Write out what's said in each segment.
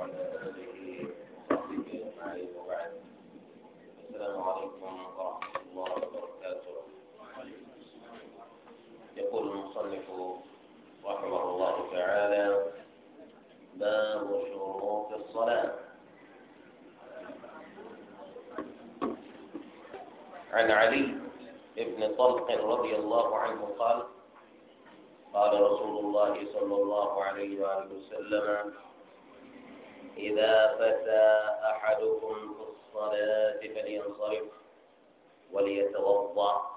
وعلى آله وصحبه أجمعين وبعد السلام عليكم ورحمة الله وبركاته يقول المصنف رحمه الله تعالى باب شروط الصلاة عن علي بن طلق رضي الله عنه قال قال رسول الله صلى الله عليه وآله وسلم إذا فتى أحدكم في الصلاة فلينصرف وليتوضأ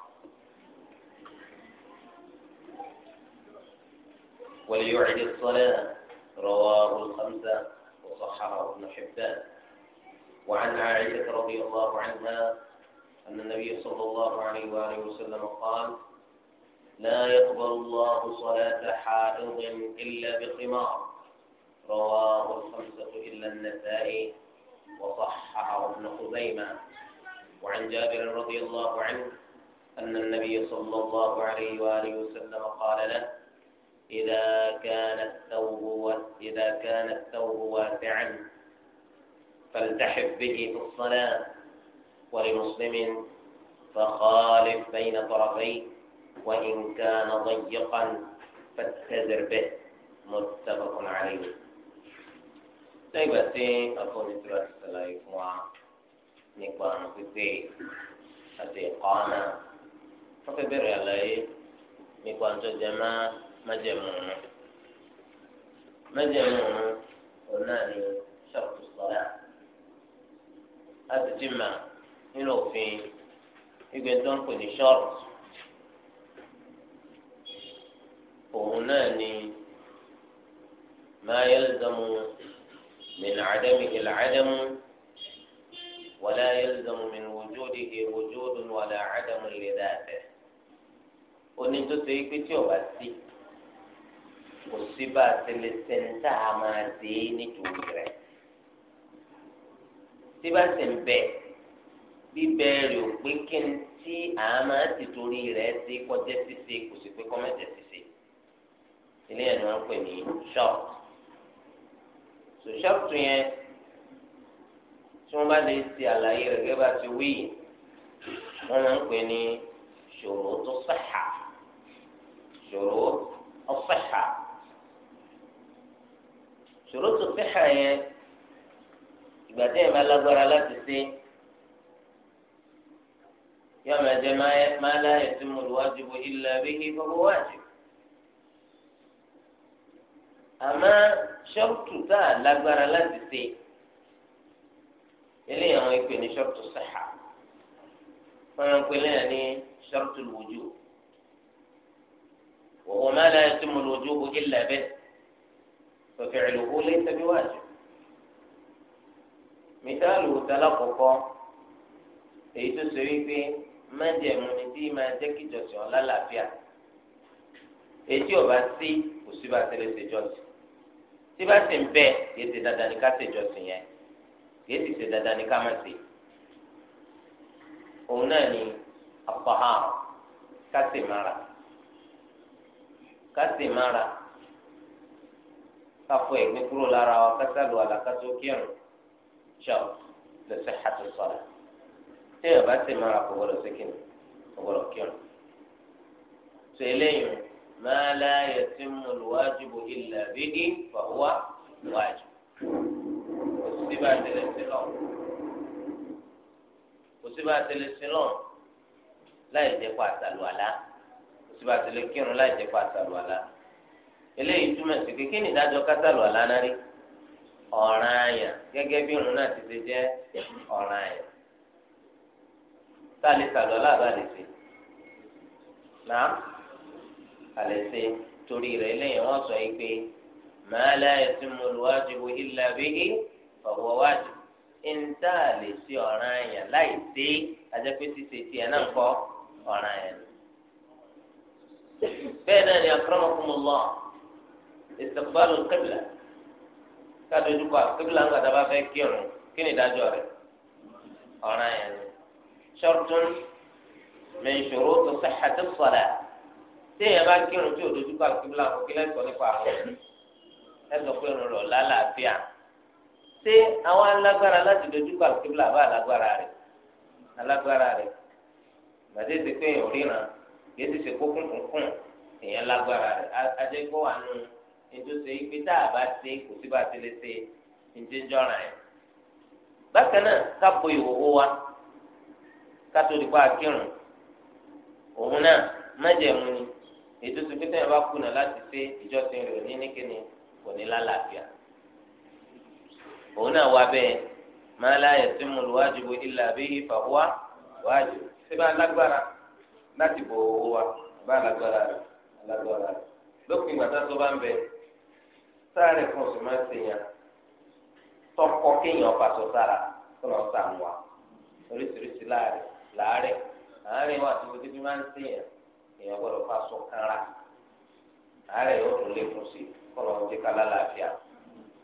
وليعد الصلاة رواه الخمسة وصححه ابن حبان وعن عائشة رضي الله عنها أن النبي صلى الله عليه وآله وسلم قال لا يقبل الله صلاة حائض إلا بخمار رواه الخمسة إلا النسائي وصححه ابن خزيمة وعن جابر رضي الله عنه أن النبي صلى الله عليه وآله وسلم قال له إذا كان الثوب إذا كان الثوب واسعا فالتحف به في الصلاة ولمسلم فخالف بين طرفيه وإن كان ضيقا فاتزر به متفق عليه lẹ́yìn ìgbà tí afọ́nitura ti sàlàyé fún wa nípa àrùn pípé àti ẹ̀kọ́ náà wọ́n fẹ́ bẹ̀rẹ̀ àlàyé nípa àtọ́jẹ́ má májẹ̀mú ọ̀run májẹ̀mú ọ̀run òun náà ni ṣàkóso sọ́dà láti jìmà nínú òfin ìgbẹ́ tó ń pè ní ṣọ́ọ̀tù òun náà ni máa yẹ lẹ́dọ̀mú. من عدمه العدم ولا يلزم من وجوده وجود ولا عدم لذاته oní tó ṣe pé tí ọba sí kò sí bá a ti lè sẹ́ńtà a máa dé nítorí rẹ̀ tí bá sì ń bẹ̀ bíbẹ̀ rẹ̀ ò pé kí n tí a máa ti torí rẹ̀ ṣe kọjá ṣíṣe kò sí pé kọ́mẹ́tẹ̀ ṣíṣe ilé ẹ̀ ni wọ́n ń pè ní ṣọ́ọ̀tù sòṣọ́ọ̀tù yẹn tí wọ́n bá lè ṣe àlàyé rẹ̀ gẹ́gẹ́ bá ti wí wọ́n máa ń pè ní ṣòro tó sàhà ṣòro ọ̀sàhà ṣòro tó sàhà yẹn ìgbà tí yẹn bá lágbára láti ṣe yọ̀ọ́ mẹ́jẹ máa láyẹ̀ tí mo lù wájú bó ilẹ̀ bí gbogbo wájú àmọ́ ṣọ́ọ̀tù tá a lágbára láti ṣe eléyìí àwọn ìpè ní ṣọ́ọ̀tù sàhà wọ́n máa ń pè léyìn ní ṣọ́ọ̀tù lójú wọ́n máa láyé tí mo lójú bó ilà bẹ́ẹ̀ tòfẹ́ ìlòkó lé tẹ́bí wájú mìtáàlù tálá kọ̀kọ́ èyí tó ṣe wípé májẹ̀mú ni tí máa jẹ́ kíjọsìn ọ̀la làáfíà èyí tí sí kò sí bá tẹ́lẹ̀ ṣe jọ́sìn tí bá sì ń bẹ kìí ṣe dandan ní ká ṣe ìjọsìn yẹn kìí sì ṣe dandan ní ká má ṣe òun náà ni àpọ̀hàn ká ṣe mára ká ṣe mára ká fọ ẹ̀gbin kúrò lára wa ká sálù àlàkàtó kírun ṣọ lọsẹ àti sọlá tí èèyàn bá ṣe mára kò gbọ́dọ̀ ṣe kírun kò gbọ́dọ̀ kírun tó eléyìí. ما لا يتم الواجب إلا به فهو واجب وسبعة الاسلام وسبعة الاسلام لا يجب الولاء وسبعة الكير لا يجب الولاء eléyìí túmọ̀ sí pé kí ni ìdájọ́ kásálù alánárí ọ̀ràn àyàn gẹ́gẹ́ bí irun náà ti ṣe jẹ́ ọ̀ràn àyàn tá a lè sàlọ́ láàbà lè ṣe náà àlẹsẹ torí rẹ lẹ́yìn wọn sọ yìí pé màá láyé tí mo lù wájú wo ilà bíi ọwọ wájú níta lè ṣe ọ̀ràn àyàn láì dé ajẹpẹ ṣíṣe tiẹ̀ náà kọ ọ̀ràn àyàn. bẹ́ẹ̀ náà ni akramakumullah istiqbalu qibla kádojú kọ qibla ń gbàdá bá fẹ́ kírun kí ni ìdájọ́ rẹ̀ ọ̀ràn àyàn ni. shartun min shurutu sihhatis salat. téèyàn bá kírun tí òdojú bá kí bílà òkè lẹ́sọ̀ nípa àwọn ẹ̀sọ̀ pé irun lálàáfíà ṣé àwọn alágbára láti dojú bá kí bílà bá alágbára rẹ̀ alágbára rẹ̀ gbàdé ti pé èèyàn ríran kìí ti ṣe kókún kúnkún èèyàn lágbára rẹ̀ ajẹ́gbọ́ wà nù ìdúnṣe ipe tá a bá ṣe kò sí bá ti lè ṣe ìjẹ́jọ́ra ẹ̀ bákan náà ká ìhòòhò wa kírun òun náà ni ètò tó fi tẹ́yìn bá kùnà láti ṣe ìjọsìn rẹ̀ ní nìkíni kò ní lálàáfíà òun náà wá bẹ́ẹ̀ máa láyẹ̀ tí mo lù wájú bo ilà bí ìfàwọ́ wájú ṣé bá lágbára láti bò owó wa bá lágbára rẹ̀ lágbára rẹ̀ lópin ìgbà tó bá ń bẹ sáré kan sì máa ń ṣèyàn tọkọ kéèyàn pàṣọ sára tó lọ sàn wá oríṣiríṣi láàrẹ̀ láàrẹ̀ àárẹ̀ wà tó fi máa ń ṣèyàn èèyàn gbọ́dọ̀ fà sọ kánra àárẹ̀ yóò tún lékun sí kọlọ ọjọ́ kálá làáfíà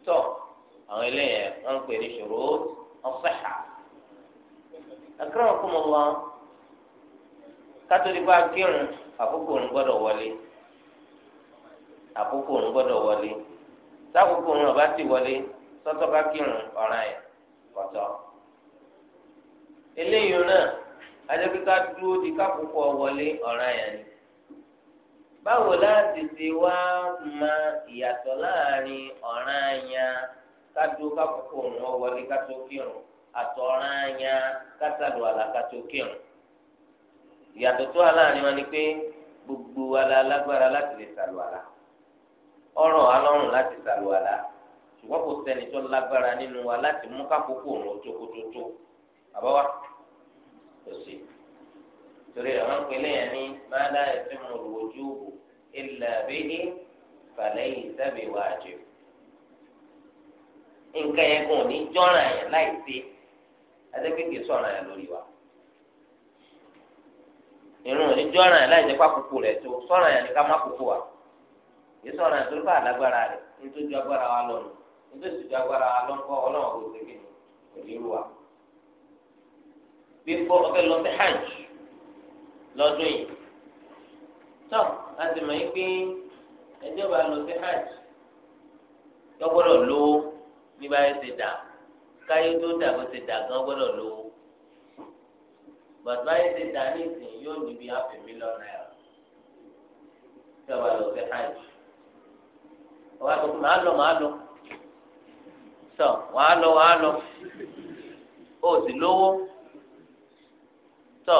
tọ àwọn eléyẹn wọn ń pè ní ṣòro ọsẹhà akérèwọn kún mọ wọn kátólíkà kírun àkókò òun gbọ́dọ̀ wọlé àkókò òun gbọ́dọ̀ wọlé sákòókò òun ọba ti wọlé sọtọ ká kírun ọ̀ràn yẹn kọtọ eléyìí náà adébíkà dúró di kákòókò ọwọlé ọ̀ràn yẹn ni báwo láti ṣe wá ma ìyàtọ̀ láàrin ọ̀ràn anya kátó kákòókò òun ọ̀wọ́lé kátó kírun àtọ̀ ọ̀ràn anya kátàlù àlà kátó kírun. ìyàtọ̀ tó wà láàrin wọn ni pé gbogbo ala lágbára láti lè sàlù àlà ọ̀ràn alọ́run láti sàlù àlà ṣùgbọ́n kò sẹ́ni tó lágbára nínú wa láti mú kákòókò òun ọjọ́ àbáwá torí àwọn pèlè yẹn ní máa dá ẹsẹ mu lòójú ilà bíi fàlẹyìn sábẹ wájú nǹkan yẹn kò ní jọ́ra yẹn láì ṣe adékèké sọ̀rọ̀ yẹn lórí wa irun ní jọ́ra yẹn láì jẹ́ pákókó rẹ̀ tó sọ̀rọ̀ yẹn ní ká má kókó wa yìí sọ̀rọ̀ yẹn torí rẹ̀ nítorí agbára wa lọ́nu nítorí agbára wa lọ́nkọ́ ọlọ́run kò sí lọ́dún yìí tọ́ a sì mọ̀ pé ẹjọ́ bá lọ sí hajj yọ gbọ́dọ̀ lówó ní báyìí ti dà káyé tó dà bó ti dà gan gbọ́dọ̀ lówó bàtà yìí ti dà ní ìsìn yóò níbi àfẹ mílíọ̀nù náírà tí a bá lọ sí hajj wàá lọ màá lọ màá lọ tọ wàá lọ wàá lọ o sì lówó tọ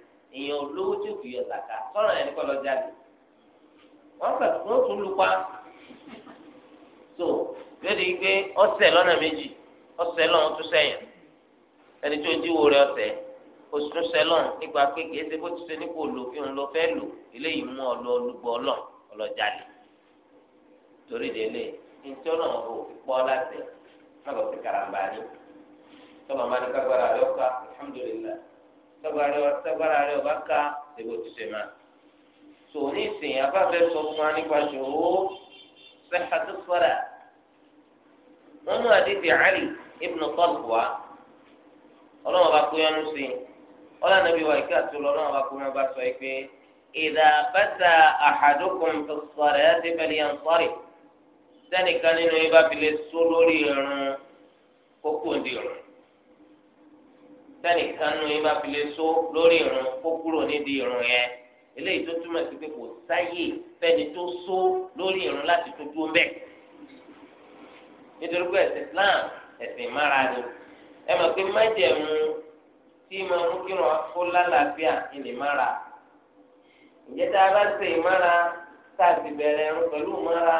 èèyàn olówó tí òfin yọ zaka sọ̀rọ̀ yẹn kọ́ lọ jáde wọ́n tún lu pa so lédè yìí pé lọ́nà méjì ọ̀sẹ̀ lọ́n tún sẹ́yìn ẹni tó díwò rẹ̀ ọ̀sẹ̀ oṣù tún sẹ́ lọ́n nípa pé kìí ṣe bó ti ṣe nípò lò eléyìí mú ọ lọ torí délé ìtọ́nà ò pọ́ láti tọ́gbàrà rẹ̀ ọba ká ìbò ti ṣe máa. tò ní ìsìn abáfẹ́ sọ fún wa nípa ṣòro sẹ́hàtú sọ́dà. wọ́n mú àdìsí Ali ibn Talib wá ọlọ́wọ́n bá kó yánú sí i ọlọ́wọ́n nàbí wa ìkà tó lọ ọlọ́wọ́n bá yánú bá sọ yìí pé ìdá bàtà àhàdókùn tó sọ̀rọ̀ ti fẹ́lẹ́ yẹn sọ̀rọ̀ sẹ́nìkan nínú yín bá fi lè sọ lórí ìrún kókó ìdí ìrún. tẹnìkan nu yín bá fi lè so lórí irun kó kúrò nídìí irun yẹn eléyìí tó túmọ̀ sí pé so lórí irun láti tó dúró mbẹ́ nítorí pé ẹ̀sìn Islam ẹ̀sìn ìmára ni ẹ mọ̀ pé májẹ̀mú tí mo mú kí wọn kó lálàáfíà ìlè mára ìjẹ́ tá a bá ṣe ìmára tá a sì bẹ̀rẹ̀ irun pẹ̀lú ìmára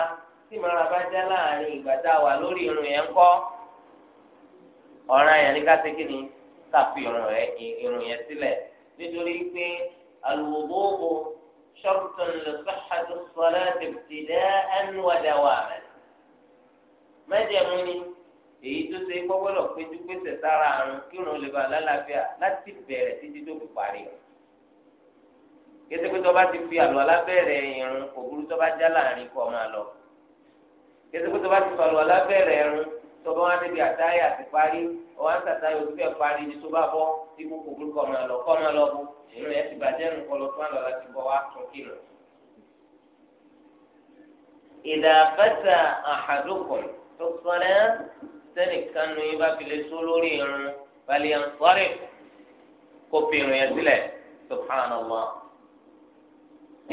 tí ìmára bá irun yẹn ń tàfi irun rẹ̀ irun yẹn sílẹ̀ nítorí pé alwudu shartun li sihhati as-salati ibtida'an wa dawaman mẹ́jẹ̀mú ni èyí tó ṣe gbọ́gbọ́dọ̀ péjú pèsè sára àrùn kí irun lè ba lálàáfíà láti bẹ̀rẹ̀ títí tó fi parí rẹ̀ kété ti fi àlọ́ alábẹ́rẹ́ irun òbúrú tọba já láàrin kọ́ máa lọ kété pé ti fi àlọ́ alábẹ́rẹ́ irun tọba wa níbi àtàyà ti parí ọwọ àtàtàyà òtún bẹ́ẹ̀ parí ni tó bá bọ ikú kúkú kọ máa lọ kọ máa lọ bó inú ẹ ti bàjẹ́ nù kọlọ fún àlọ láti bọ wá tún kí nù. ìdá bàtà àhàdùkọ tó sọlẹ sẹnìkan nu bá fi lè lórí irun balẹ̀ ń sọ́rí kó fi irun yẹn sílẹ̀ subhanallah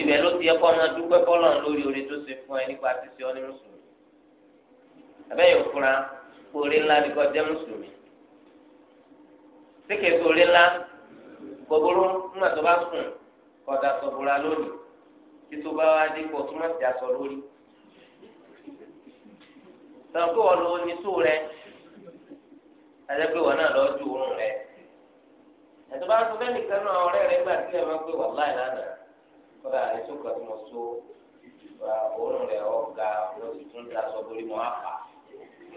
ibẹ̀ ló ti yẹ kó ọmọ dúpẹ́ fọlọ́run lórí orí tó ṣe fún ẹ nípa ti ṣe ọ́ ní mùsùlùmí abẹ́yẹ̀ òfura orí ńlá ni kò jẹ́ mùsùlùmí síkè sórí ńlá gbogbo ńgbà tó bá sùn kọ̀dà sọ̀bùrà lónìí títú bá wá dé kó túmọ̀ sí aṣọ lórí sọ̀kò wọn lọ ní sùn rẹ adẹ́gbẹ́ wọn náà lọ́ọ́ ju oorun rẹ ẹ̀tọ́ bá sọ bẹ́ẹ̀ nìkan náà ọ̀rẹ́ rẹ gbà sílẹ̀ máa ń pè wọ́n láì lánàá kọ́dà àìsókò tí mo so oorun ọ̀gá lọ́sítún ìdásọ̀bùrì mọ́ àpá.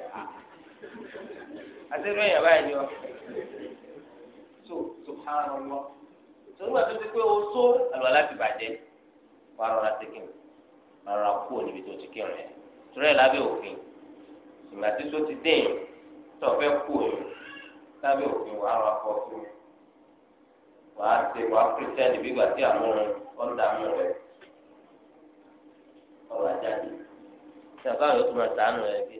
àtẹ̀rù èèyàn báyìí ni ọ tó subhanallah torí tó ti pé o tó àlùwàlá ti bàjẹ́ wà rọra ti kírun wà rọra kú níbi tó ti kírun yẹn torí ẹ̀ lábẹ́ òfin ìgbà tí tó ti dé tó fẹ́ kú yìí lábẹ́ òfin wà rọra kọ́ fún wà á ti wà á pírítẹ́ẹ̀nì bí gbà tí àmúrun ọ̀dà mú rẹ̀ ọ̀rọ̀ máa sàánù bíi.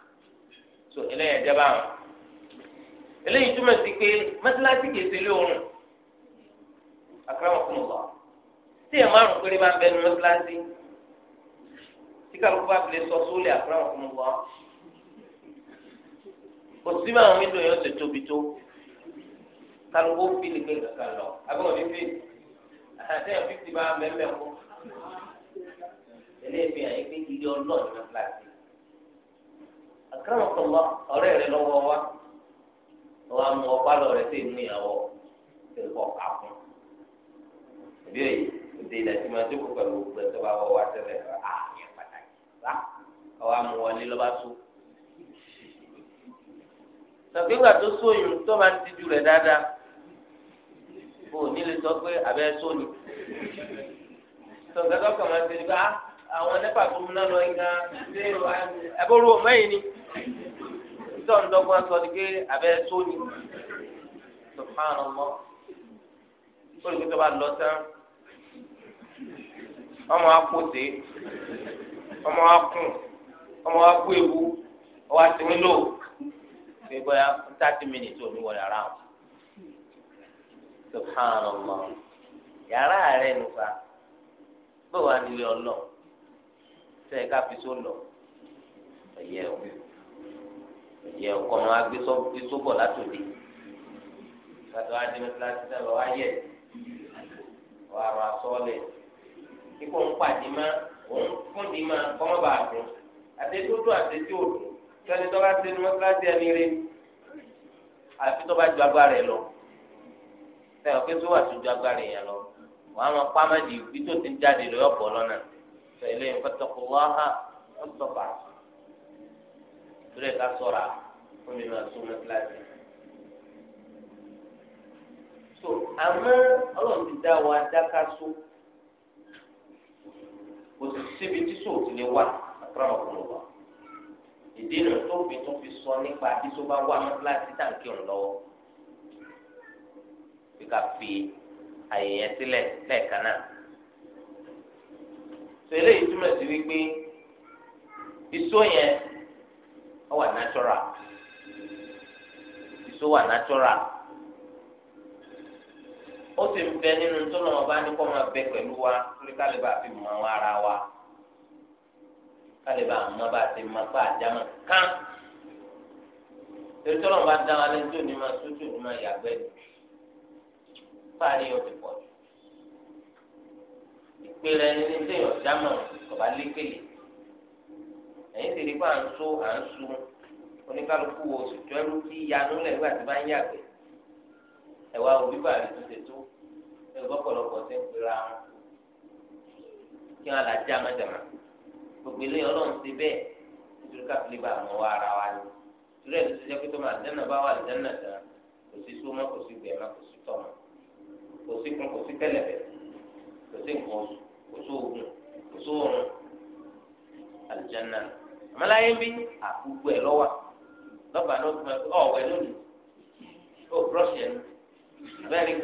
so eléyìí ẹjẹ báwọn eléyìí túmọ̀ sí pé mọ́sálásí kìí ṣe ilé oorun akramakumullah tí ẹ̀ márùn péré bá ń bẹnu mọ́sálásí tí kálukú bá fi lè sọ sóòlì akramakumullah kò sí báwọn wíńdò yẹn ṣe tóbi tó kálukú fi lè gbé kankan lọ abẹ́wọ̀n fífi àtẹ̀yìn fífi bá mẹ́mẹ́ kú eléyìí fi hàn yín pé ilé ọlọ́ọ̀ni mọ́sálásí àkàràkọ̀lọ́ ọ̀rẹ́ rẹ lọ́wọ́ wa wọ́n á mú ọ̀pá lọ rẹ sí inú ìyàwó ṣe kọ́ àkùn ìbí òye òde ìlà tí máa dúkù pẹ̀lú òkúta tó bá wọ́ wa tẹ́lẹ̀ àyẹ̀ ah, pàtàkì rà ọ̀wá mú wọlé lọ́ba tó. tàbí ìgbà tó sóyún tó máa ń tijú rẹ̀ dáadáa òní lè sọ pé àbẹ́ sóni tọ̀gá tó kàn máa ń tẹ̀lé bá ah, àwọn nípa tó múná lọ yín gan ṣé ẹbọrú ọmọye ni títọ́ ń dọ́gbọ́n sọ ni pé abẹ́ tó ni subhanallah olùkọ́ tó bá lọ tán ọmọ akóte ọmọ akùn ọmọ akó ewu ọwọ́ àtìmí lò pé bóyá thirty minutes ò ní wọlé ara wọn subhanallah yàrá rẹ nùfà bó wà nílé ọlọ́run sẹ́yìn ká fi só lọ ẹ̀yẹ o ẹ̀yẹ o kọ́ máa gbé sóbọ̀ látòdì gbàtọ́ á dín láti sẹ́ lọ wáyé wàá máa sọ́ọ̀lẹ̀ kíkó ń pàdé má òun fún di má kọ́mọ́ bàa dùn àti dúdú àti tí o dùn sẹ́ni tó bá sẹ́ni mọ́tíláṣí ẹni rí àfi tó bá ju agbára ẹ lọ sẹ́yìn ọ̀kẹ́ tó wà tó ju agbára yẹn lọ wàá máa pàmò di ibi tó ti ń jáde lọ́yọ̀ pọ̀ lọ́nà. فإليه فاتقوا الله ما استطعتم تريد أسرع ومما سنة لازم so àmọ́ ọlọ́run ti dá wa dáká so kò sì síbi so ìdí tó fi sọ nípa wà kíláàsì tàǹkì fi ká fi àyè yẹn náà. tẹ̀lé ìtumọ̀ sí wípé ìṣó yẹn wà natural ìṣó wà natural ó sì ń bẹ nínú tó náà bá ní kó máa bẹ pẹ̀lú wa lórí fi mọ ara wa kálíbà bá ti mọ bá àjámọ̀ kán ètò ọ̀rọ̀ bá dá wa lẹ́jọ́ ní ma sójú ní ma yàgbẹ́ ní fáàrí pọ̀ ìpèrè ẹni ní sèyàn jámọ̀ ọba lékele ẹ̀yin sì rí pé à ń so à ń sun oníkálukú wo sùtú ẹrú tí yanu lẹ̀ nígbà tí bá ń yàgbẹ́ ẹ̀wà òbí bá rí tó ṣètò ẹ̀rù bọ́pọ̀lọpọ̀ ṣe ń pera wọn kí wọn là já mọ́jàmá gbogbo ilé ọlọ́run ti bẹ́ẹ̀ nítorí káfílẹ̀ bá àwọn ọwọ́ ara wa ni torí ẹ̀ ló ti jẹ́ pé tó máa dẹ́nà bá wà lẹ́nà tán kò sí sómọ́ kò sí gbẹ̀mọ́ kò sí tọ̀mọ́ kò sí kún kò sí tẹ́lẹ̀ kò sí nǹkan oṣù kò sí oògùn kò sí oòrùn àlùjáná àmàláyé bí Lọba ẹ lọ́wọ́ lọ́ba náà tó máa fi ọ̀wọ́ ẹ lónìí ó búrọ́ọ̀ṣì ẹ̀ bẹ́ẹ̀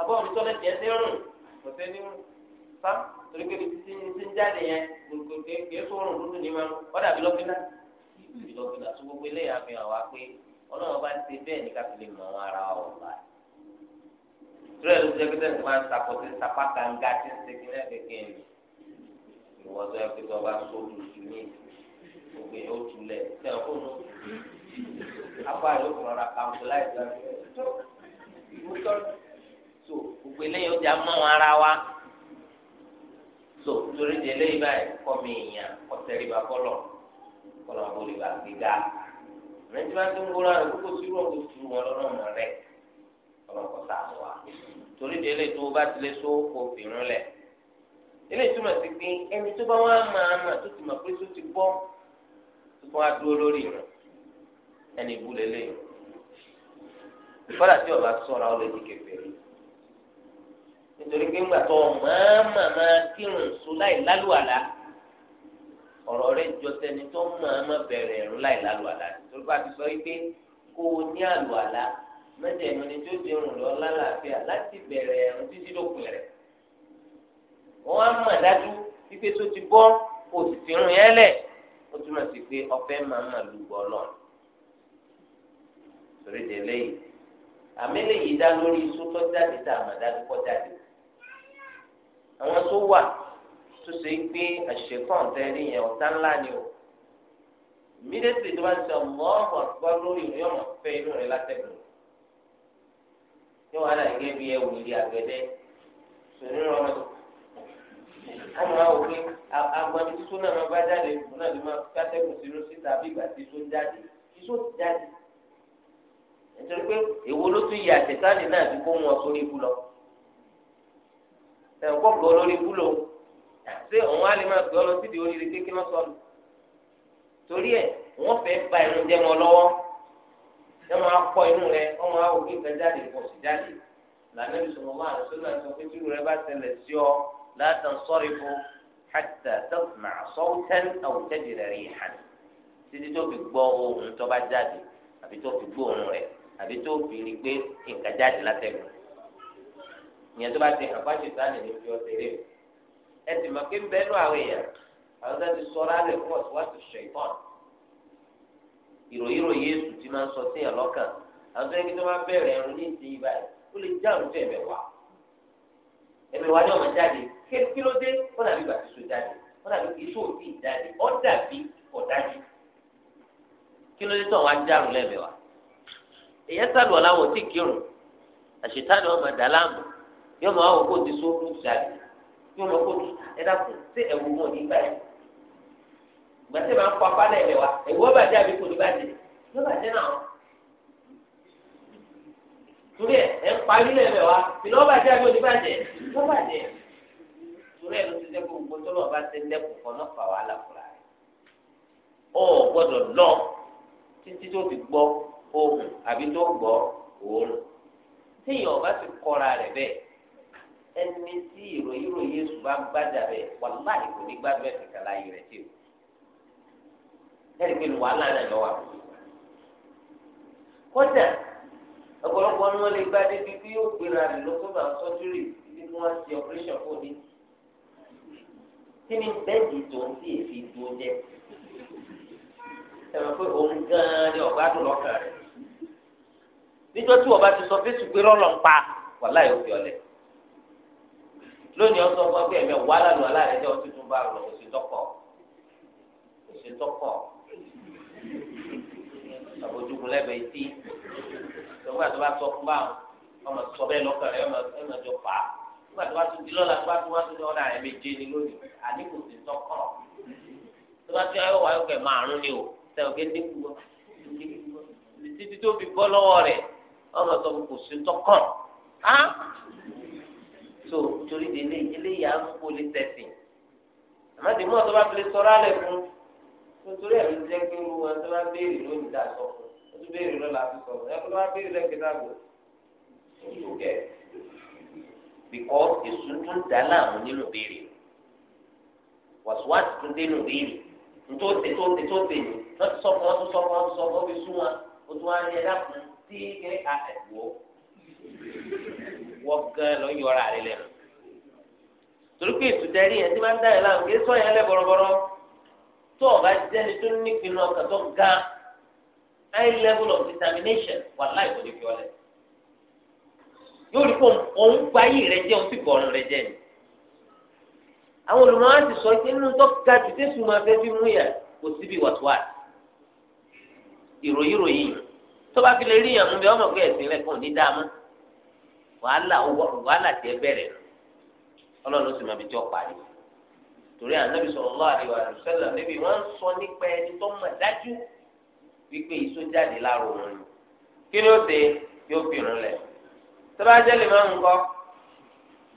àbọ̀ mi tọ́lẹ̀ tiẹ̀ rùn kò sí ní torí pé ti ti ń jáde yẹn gbogbo kéèké tó gbogbo eléyàá fi hàn wá pé ọlọ́run bá ti bẹ́ẹ̀ ní ara ọ̀ báyìí. tí ẹ ló jẹ pé tẹsí sàkóso sapá kànga tí ń segin náà kékeré ni ìwọ́sọ ẹ pé tí wọ́n tó tutù ní gbogbo yẹn tulẹ̀ tẹ ọ fóònù apá yóò fún ọ̀rọ̀ tó gbogbo eléyìí ó ti wọn ara wa so torí di eléyìí báyìí kọ́ mi ìyàn kọ́ tẹríba kọ́lọ̀ kọ́lọ̀ bá gbéga rẹ̀ ń gbóná torí de ilé tó o bá ti lè so òfin lẹ ilé túmọ̀ sí pé ẹni tó bá wà máa mà tó ti mà pé tó ti gbọ́ tó bá dúró lórí rẹ̀ ẹni ibú lélẹ̀ kọ́dà tí o bá sọ̀rọ̀ ọ lè di kèfèrí nítorí pé ńgbà tó máa mà máa kírun so láì lálùwàlà ọ̀rọ̀ rẹ̀ jọ tẹni tó máa mà bẹ̀rẹ̀ ẹ̀rù láì lálùwàlà nítorí bá ti sọ yìí pé kó ní àlùwàlà mẹjẹnu ni tó di irun lọ lálàáfíà láti bẹ̀rẹ̀ ẹrun títí lópin rẹ̀ wọn á mọ̀ dájú wípé tó ti bọ́ kò sì fi irun yẹn lẹ̀ ó túmọ̀ sí pé ọ̀fẹ́ máa ń mà lùgbọ́ lọ́n torí de lẹ́yìn àmì lẹ́yìn dá lórí sótọ́ jáde tá a mà dájú kọ́ jáde àwọn tó wà tó ṣe é pé àṣekọ̀ọ́ tẹ́lẹ̀ yẹn ọ̀tá ńlá ni o mídẹ́sì tó bá ń sọ mọ́ ọ̀gbọ́n lórí ìrìn ọ̀mọ̀ fẹ́ inú rẹ̀ látẹ̀gùn tí wọn là ń gé bí ẹwù ìdí àgbẹ̀dẹ sòrí rọrùn wọn máa wò pé agbọ̀n tí tó náà máa bá jáde fún náà ló máa kátẹ́kùn sínú síta bí ìgbà tí tó ń jáde tí tó ti jáde nítorí pé èwo ló tún yẹ àtẹ̀sáni náà ti kó wọn sórí ikú lọ ẹ̀kọ́ gbọ́ lórí ikú lòun ṣé òun á lè máa gbé ọ lọ sídìí oríire kékeré sọnù torí ẹ̀ wọ́n fẹ́ ba ẹ̀rùn jẹ́ wọn lọ́wọ́ yẹ máa kọ inú rẹ wọn máa wò kí nǹkan jáde kò sí jáde lànà ìṣòro máa rẹ sọlá ní ọkọ tí rẹ bá tẹlẹ sí ọ látàn sọrí fún hàtà tẹsánà sọwọtẹn àwùjẹjì rẹ rí hàn títí tó fi gbọ́ ohun tó bá jáde àbí tó fi gbọ́ ohun rẹ àbí tó fi rí pé nǹkan jáde látẹ̀gùn ìyẹn tó bá ti hàn fáṣẹ sáni ní fi ọtẹ rẹ ẹ sì mọ pé ń bẹnu àwọn èèyàn àwọn tó ti sọ ọ ìròyìn ròyìn ti máa ń sọ sí tó máa bẹ̀rẹ̀ ẹ̀rù ní ìsìn yìí báyìí ó lè já ẹ̀mẹ̀ wá ẹ̀mẹ̀ wá ní ọmọ jáde kí ló dé ó dàbí so jáde ó dàbí iṣu ó dàbí ọ̀dájú kí ló dé tó lẹ́ẹ̀mẹ̀ wá èyẹ sálù ọ̀làwọ̀ tí kírun àṣetánù ọmọ dàlámù yọmọ àwọn kò ti so jáde yọmọ kò ti gbàtẹ́ máa ń kọ apá lẹ́lẹ̀ wa ẹ̀wọ́ bàjẹ́ àbí kò ní bàjẹ́ ló bàjẹ́ náà torí ẹ̀ ẹ̀ ń parí lẹ́lẹ̀ wa ìlọ́ bàjẹ́ àbí òní bàjẹ́ ló bàjẹ́ torí ẹ̀ ló ti dẹ́kun gbogbo tó lọ́ọ̀ bá ti lẹ́kùn kan náà fà wàhálà fúnra rẹ̀ ọ̀ gbọ́dọ̀ lọ títí tó fi gbọ́ ohùn àbí tó gbọ́ òórùn téèyàn ọba ti kọra rẹ̀ bẹ́ẹ̀ ẹni tí ìròyìn ròyìn èṣù bá gbàdà rẹ̀ wàláì kò ní gbàdúrà ìfẹ̀kàlà yìí rẹ̀ tí o ẹni pé wàhálà náà lọ wà. kódà ọ̀pọ̀lọpọ̀ ni wọ́n lè gba débi bí yóò gbéra rẹ̀ lọ́sọ̀bà sọ́júrì bí wọ́n ti ọ̀pẹ́rẹ́sọ̀ fún mi. kí ni bẹ́ẹ̀dì tó ń sì èfi dúró jẹ́? ẹ̀rọ pé òun gan-an ni ọ̀gá dùn lọ́kàn rẹ̀. níjọ́ tí ọba ti sọ fésù pé rọ́lọ́ ń pa wàhálà yóò fi ọlẹ̀. lónìí ọ̀sán fún ọgbẹ́ mi wàhálà lọ́ọ́ àbójúkun lẹ́bẹ̀ẹ́ tí ìgbà tó bá sọ fún báwọn ọmọ sọ bẹ́ẹ̀ lọ́kàn rẹ̀ ọmọ jọ fà á nígbà tó bá tún di lọ́la tó bá tún wá tún ní ọ̀nà àyẹ̀ méje ni lónìí àníkù sí tọkàn tó bá tún ayọ̀ wáyọ̀ márùn ni o sẹ́wọ̀n gé dínkù títí tó fi bọ́ lọ́wọ́ rẹ̀ ọmọ sọ fún kò sí tọkàn á tó torí eléyìí á ń kó lé tẹ̀sìn àmọ́ tèmi ọ̀tọ́ bá fi lè sọ nítorí ẹ̀rí jẹ́ pé wọn tó bá béèrè lónìí dà sọ fún tó béèrè lọ́la fi sọ fún un tó bá béèrè lẹ́gbẹ̀ẹ́ dàgbò oṣù kẹ̀ bìkọ́ èso tún dá láàmú nínú béèrè wàsíwájú tún dénú béèrè ntóòtè tóòtè tóòtè ní ti sọ fún wọn tó sọ tó sọ fún sún o wá ní ẹ̀dá tí ah, a tó ọba bá tó ní pinnu ọkàn tó ga high level of determination wà láì kò fi ọlẹ̀ yóò rí kó òun gba ayé rẹ jẹ́ òun sì rẹ jẹ́ àwọn sọ pé nínú tó ga jù tẹ́sùn bi fẹ́ fi mú yà kò síbi wàtúwàtú ìròyìn ròyìn tó bá fi lè rí ìyàmú bẹ ọmọ pé ẹsìn rẹ kàn ní dáamú wàhálà wàhálà bẹ̀rẹ̀ Ọlọ́run sì máa torí ànábì sallallahu alaihi wasallam níbi wọ́n ń sọ nípa ẹni tó mọ̀ dájú wípé iṣó jáde láàrọ̀ òun ni kí ni ó ṣe yóò fi irun lẹ̀ tọ́bajẹ́ lè máa ń kọ́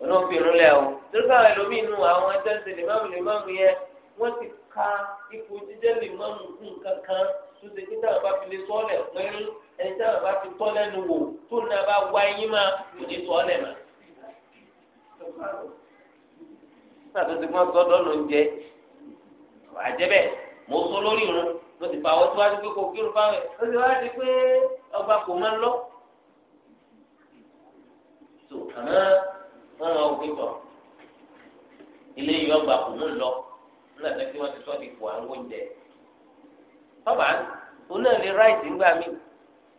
ọ̀nà fi irun lẹ̀ o torí káwọn ẹlòmíín nu àwọn ẹjọ́ ń ṣe lè máàmù lè máàmù yẹn wọ́n ti ka ipò jíjẹ́ lè máàmù kún kankan tó ṣe kí táwọn bá fi lè sọ́ọ̀lẹ̀ pẹ́rín ẹni táwọn bá fi tọ́ wò tó ní nígbà tó ti gbọ́n sọ́dọ̀ ló ń jẹ àjẹbẹ mo sọ lórí irun mo ti fà wọ́n síwájú pé kò kírun fáwọn ẹ̀ ó ti wá di pé ọgbà kò máa ń lọ. tó àmọ́ wọ́n lọ òfin bọ̀ ilé yìí ọgbà kò mú lọ nígbà tó ti wọ́n ti sọ́ di kò àwọn oúnjẹ. tọ́ba òun náà lè ráìtì ńgbà mí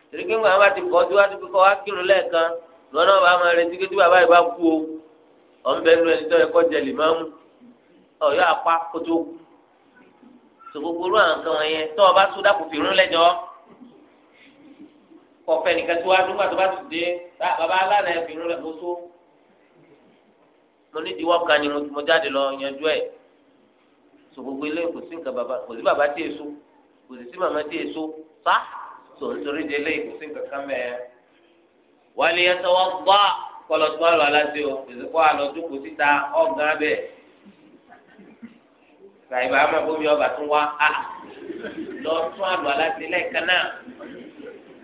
tìrìkì ńgbà wọn bá ti kọ́ síwájú pé kọ́ wá kírun lẹ́ẹ̀kan lọ́nà bá máa retí pé tí bàbá yìí bá kú o ọ̀nbẹ nu ẹni tó yẹ kọ́ jẹ lìmọ́mù ọ̀yọ́ apá kótó tó gbogbo yẹn tó o bá tún dákò fi lẹ́jọ́ kọfẹ́ nìkan tó wá dúpọ̀ tó bá tún dé bàbá aláàlá ẹ̀ fi lẹ́jọ́ tó mo ní ìdíwọ́ kan ni mo jáde lọ yanjú ẹ̀ tó ilé kò sí nǹkan bàbá kò sí bàbá tí èso kò sí màmá tí èso sá tó nítorí délé kò sí nǹkan kan mẹ́ẹ̀ wálé ẹ̀ tọwọ́ gbọ́ kọlọ tó wà lọ aláṣẹ o pèsè kọ àlọ jókòó síta ọgá bẹ́ẹ̀ gbàyìnbá ama bómi ọba tó wá a lọ tún àlọ aláṣẹ lẹ́ẹ̀kan náà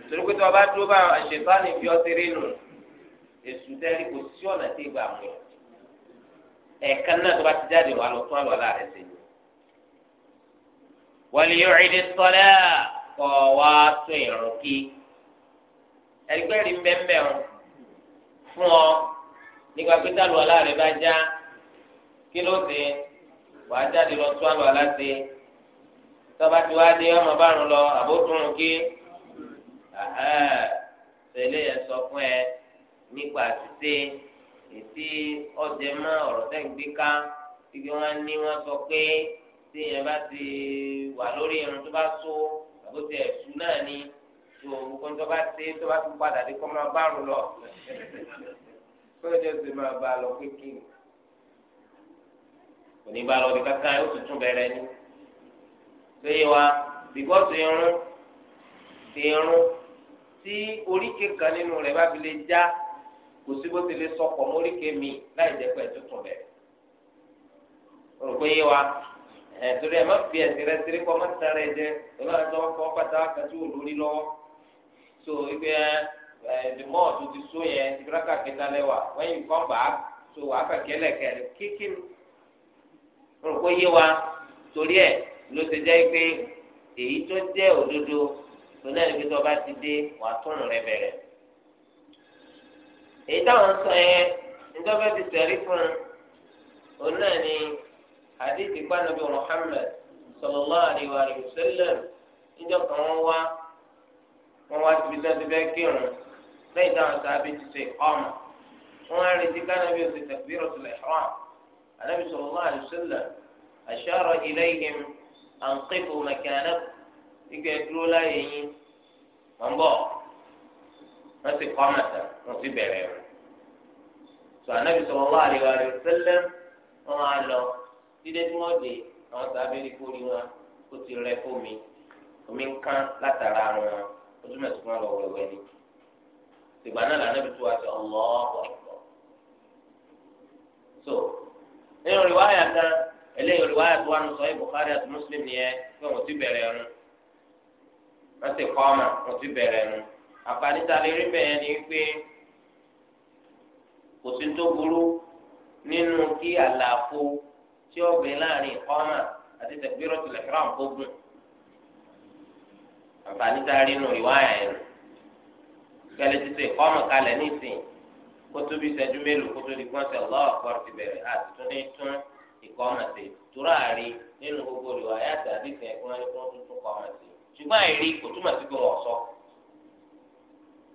torí pé tí wọn bá dúró bá àṣetọ àná ìfi ọtí rí nù èsù dẹ́rì kò sí ọ̀nà tí ìgbà mú ẹ̀ẹ̀kan náà tó bá ti jáde wà lọ tún àlọ aláṣẹ sí i. wọ́n lè yọ ìdí sọ́lá kọ́ wa tún ìrùn kí ẹgbẹ́ rí mbẹ́mbẹ́ wọn fún ọ nígbà pé tálù aláàrẹ bá já kí ló dé wàá jáde lọ tún àlọ aláṣẹ tọba tí wàá dé ọmọ bárùn lọ àbótúrún kí tẹ́lẹ̀ yẹn sọ fún ẹ nípa àtúnṣe ètí ọjẹ mọ ọ̀rọ̀ tẹ ń gbé ká ibi wọn ní wọn sọ pé tí yẹn bá ti wà lórí irun tó bá so àbótí ẹsùn náà ni tó gbogbo tó bá dé tó bá tún padà dé kó máa bá rùn lọ kó lè ṣe máa bá a lọ kékeré kò ní a lọ bí kankan yóò tuntun bẹ̀rẹ̀ ni tó yẹ wa bìkọ́sì irun ti irun tí oríkè kan nínú rẹ̀ bá fi lè já kò sí bó ti lè sọkọ̀ móríkè mi láì jẹ́ pé tuntun bẹ̀rẹ̀ rò pé yẹ wa ẹ̀ torí ẹ̀ má fi ẹ̀sìn rẹ̀ sírí kọ́ má sáré jẹ ẹ̀ má tọ́ fọ́ pátá kàtí òlórí lọ́wọ́. so ibẹ ẹ uh, uh, the more to ti so yẹn ìgbàkà kẹta lẹwà when you come back so wàá kà kẹlẹ kẹlẹ kíkì rò kó wa torí ẹ ló ti jẹ́ èyí tó jẹ́ òdodo tó náà níbi tó ti dé wàá tún rẹ bẹ̀rẹ̀ èyí táwọn sọ yẹn níjọba ti sẹ̀rí fún un náà ni àdéhìí gbànúbí Muhammad sallallahu alaihi wa sallam níjọba wọn wá. wọn wá síbi tí wọn ti fẹ́ kírun lẹ́yìn táwọn sábẹ́ ti ṣe ọmọ wọn á retí kánábí ó ti takbiratul ihram anábì sallallahu alaihi wasallam ashara ilayhim an qifu makanakum ike dúró láyé yín wọn bọ wọn ti kọ́ màtà wọn ti bẹ̀rẹ̀ rẹ̀ sọ anábì sallallahu alaihi wasallam wọn á lọ dídé tí wọn dé àwọn sábẹ́ ní kórìí wọn ti rẹ fómi omi ń kán látara wọn ojú mẹ́tò fún àlọ́ wẹ̀wẹ̀ ni ìgbà náà lànà bí tó wà sí ọlọ́ọ̀pọ̀ so nínú rìwáyà kan eléyìí rìwáyà tó wà nù sọ yìí Bukhari àti Muslim nìyẹn pé wọ́n ti bẹ̀rẹ̀ ẹnu wọ́n ti kọ́ ọmọ wọ́n ti bẹ̀rẹ̀ ẹnu àǹfààní ta lè rí bẹ́ẹ̀ ni pé kò sí tó burú nínú kí àlàfo tí ó bẹ láàrin ìkọ́mà àti takbiratul ihram kó gùn àǹfààní tá a rí nù ìwà yẹn nù kẹlẹ ti sè kọ́mù kalẹ̀ nísìn kótó bí sẹ́jú mélòó kótó di kọ́ńtẹ̀ lọ́ọ̀kọ́rọ̀ ti bẹ̀rẹ̀ àti tún ní tún ìkọ́mọ̀tì tura àrí nínú gbogbo ìwà yàtọ̀ àdìsẹ̀ kí wọ́n ní kí wọ́n tún tún kọ́mọ̀tì ṣùgbọ́n àìrí kò túmọ̀ sí pé wọ́n sọ.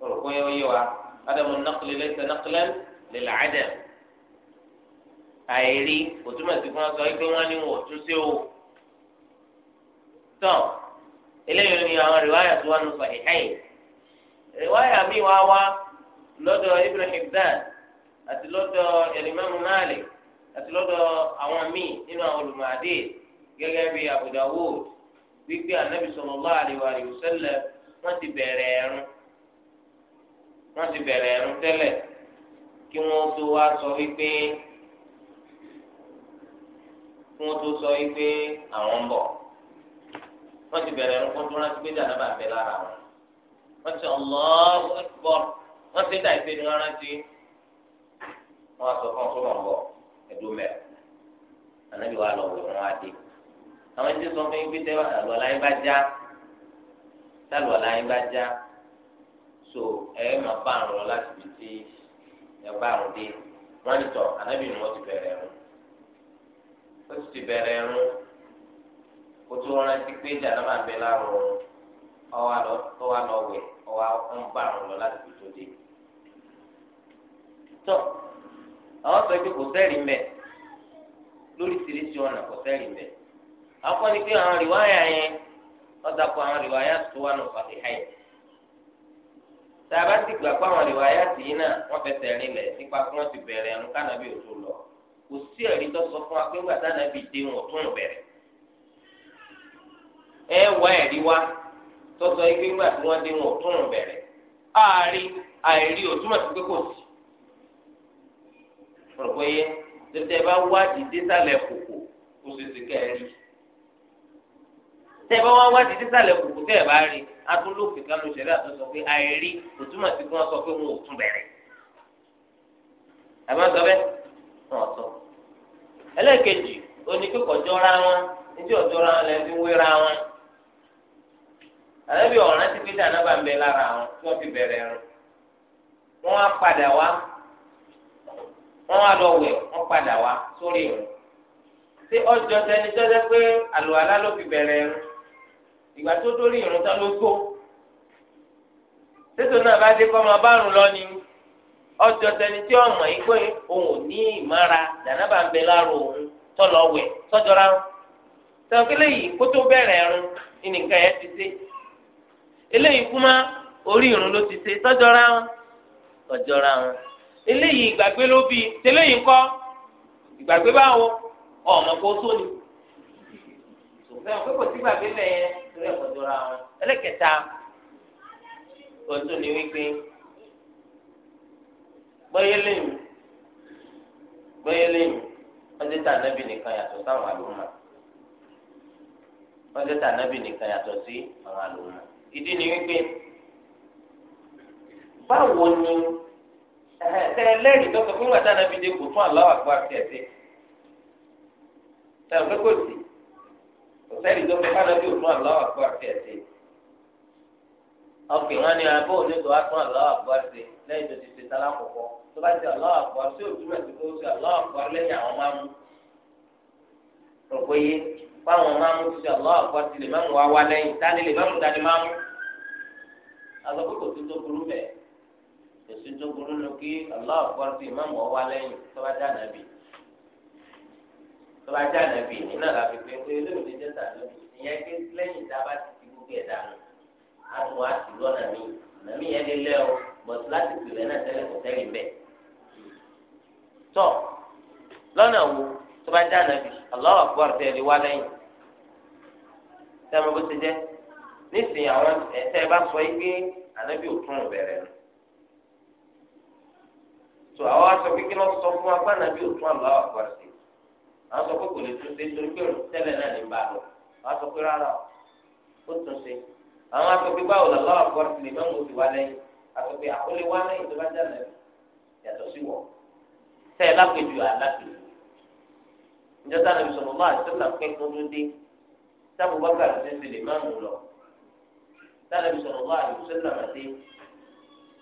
olùkọ́ yẹ oyé wa ádámù nàkìlẹ̀ lẹ́sẹ̀ nàkìlẹ̀ lẹ́lẹ̀ àdẹ̀ àìrí kò túmọ̀ sí pé wọ́n sọ eléyìí ni àwọn rìwáyà tó wà nù Sahihayn rìwáyà mi wá wá lọ́dọ̀ Ibn Hibban àti lọ́dọ̀ Imam Malik àti lọ́dọ̀ àwọn míì nínú àwọn olùmọ̀adé gẹ́gẹ́ bíi Abu Dawud gbígbé anabi sallallahu alaihi wa sallam wọ́n ti bẹ̀rẹ̀ ẹ̀rún wọ́n ti bẹ̀rẹ̀ ẹ̀rún tẹ́lẹ̀ kí wọ́n tó wá sọ wípé kí wọ́n tó sọ wípé àwọn ń bọ̀ wọ́n ti bẹ̀rẹ̀ ẹ̀rún kó tó rántí pé dáná bá ń bẹ lára wọn wọ́n ti Allahu Akbar wọ́n ti dà ìpè ní wọ́n rántí wọ́n sọ fún ọkùnrin ọ̀bọ ẹ̀dùn mẹ́rin ànábì wa lọ wẹ̀ wọ́n á dé àwọn ẹni tí sọ fún yín pé tẹ́wọ́ àlọ́ láyé bá já tálọ̀ láyé bá já so ẹ máa bá àrùn lọ láti fi tí ẹ bá àrùn dé wọ́n á ní tọ̀ ànábì ni wọ́n ti bẹ̀rẹ̀ ẹ̀rún wọ́n ti bẹ̀rẹ̀ ẹ̀rún o tún rántí pé jàdá máa ń bẹ láàrọ̀ ọwọ́ àlọ́ ọwọ́ àlọ́ wẹ̀ ọwọ́ ń bá àrùn lọ láti fi tó dé. tọ́ àwọn sọ pé kò sẹ́rì mẹ́ lóríṣiríṣi ọ̀nà kò sẹ́rì mẹ́. akọ́ ni pé àwọn rìwáyà yẹn wọ́n dàpọ̀ àwọn rìwáyà tó wà ní ọ̀fàdé háyẹ̀. tá a bá ti gbà pé àwọn rìwáyà tì í náà wọ́n fẹsẹ̀ rinlẹ̀ nípa pé wọ́n ti bẹ̀rẹ̀ ẹnu kánàbí ò lọ kò sí ẹ̀rí tó sọ fún wa pé ńgbà tánàbí dé wọn ò tún bẹ̀rẹ̀ ẹ wá ẹ̀rí wá tọ́sọ yìí gbígbà tí wọ́n dé wọn ò tún bẹ̀rẹ̀ ààrí àìrí o túmọ̀ sí pé kò sí. ọ̀pọ̀ yẹ tẹ́tẹ́ bá wádìí désàlẹ̀ kòkò kó ṣe ti kẹ́ ẹ rí. tẹ́ ẹ bá wá wádìí désàlẹ̀ kòkò tẹ́ ẹ bá rí atúlófin kan ló ṣẹlẹ̀ àtúnṣe pé àìrí ò túmọ̀ sí pé wọ́n sọ pé wọn ò tún bẹ̀rẹ̀. àbá sọ bẹ́ẹ̀ wọ́n sọ. ẹlẹ́ẹ̀kejì oníkẹ́kọ̀ọ́ jọra wọn ní tí ọ̀jọ́ra wọn lẹ́ ànábì ọ̀ràn ti fi dáná bá ń bẹ lára àwọn tí wọ́n fi bẹ̀rẹ̀ wọ́n á padà wá wọ́n á lọ wẹ̀ wọ́n padà wá sórí ẹ̀rùn ṣé ọjọ́ fi bẹ̀rẹ̀ ìgbà tó dórí tán ló tó náà bá dé bárùn ọjọ́ tí yìí pé òun ò ní dáná bá ń bẹ lára òun wẹ̀ eléyìí kú má orí irun ló ti ṣe tọ́jọ́ra wọn tọ́jọ́ra wọn eléyìí ìgbàgbé ló bí tẹ́lẹ̀yìn kọ́ ìgbàgbé báwo ọmọ kó tó ni òfin ọ̀pẹ́ kò sí gbàgbé lẹ́yìn torí ẹ̀kọ́ jọra wọn ẹlẹ́kẹta ọdún ni wípé gbọ́yé lẹ́yìn gbọ́yé lẹ́yìn wọ́n ti ta nìkan yàtọ̀ sáwọn àlùmọ́ wọ́n ti ta nìkan yàtọ̀ sí àwọn àlùmọ́. ìdí ni wípé báwo ni ẹlẹ́rìí dọ́kọ̀ fún wàtá nàbí dé kò fún aláwọ̀ àgbà tẹ̀sẹ̀ ẹ̀ ọ̀fẹ́ kò sí ọ̀sẹ́rìí dọ́kọ̀ fún nàbí kò fún aláwọ̀ wọn ni abọ́ òní tó wá fún aláwọ̀ àgbà tẹ̀ lẹ́yìn tó ti ṣe tálá kọ̀kọ́ tó bá ti kó fáwọn máàmù ti ọlọ́ àkọ́tì lè máàmù wá wá lẹ́yìn tani lè máàmù tani máàmù. àgbẹ̀kọ̀ kò tó tó burú bẹ̀ kò tó tó burú nu kí ọlọ́ àkọ́tì máàmù wá wá lẹ́yìn tọ́ba já nàbì tọ́ba já nàbì iná làbí pé pé olóòrùn ti jẹ́ sàlóbì ìyẹn ké lẹ́yìn dábàá ti ti gbogbo ẹ̀ dànù àtúwọ̀ àti lọ́nà mi nàmí yẹn lé lẹ́ o bọ̀tù láti pè lẹ́ náà tẹ́lẹ̀ kò tẹ́lẹ̀ bẹ́ẹ̀. tọ́ lọ́nà wo tó bá já nàbì Allahu Akbar tẹ lè wá lẹ́yìn tẹ ẹ mọ bó ti jẹ nísìnyí àwọn ẹtẹ ẹ bá sọ yìí pé ànábì ò tún bẹ̀rẹ̀ nù tó àwọn aṣọ kékeré lọ sọ fún agbá ànábì ò tún Allahu Akbar sí àwọn sọ pé kò lè tún ṣe torí pé tẹ́lẹ̀ náà ní bá lọ àwọn sọ pé rárá ó tún ṣe àwọn aṣọ pé báwo lọ Allahu Akbar sí lè mẹ́wọ́n ti wá lẹ́yìn aṣọ àkọlé wá lẹ́yìn tó bá já nàbì yàtọ̀ sí wọ̀ tẹ́ lápẹjù àlápẹjù njọta ní musulmọ àtúntà pé kótó dé sábà bàbá àti sèlè má mú lọ sábà musulmọ àtúntà àti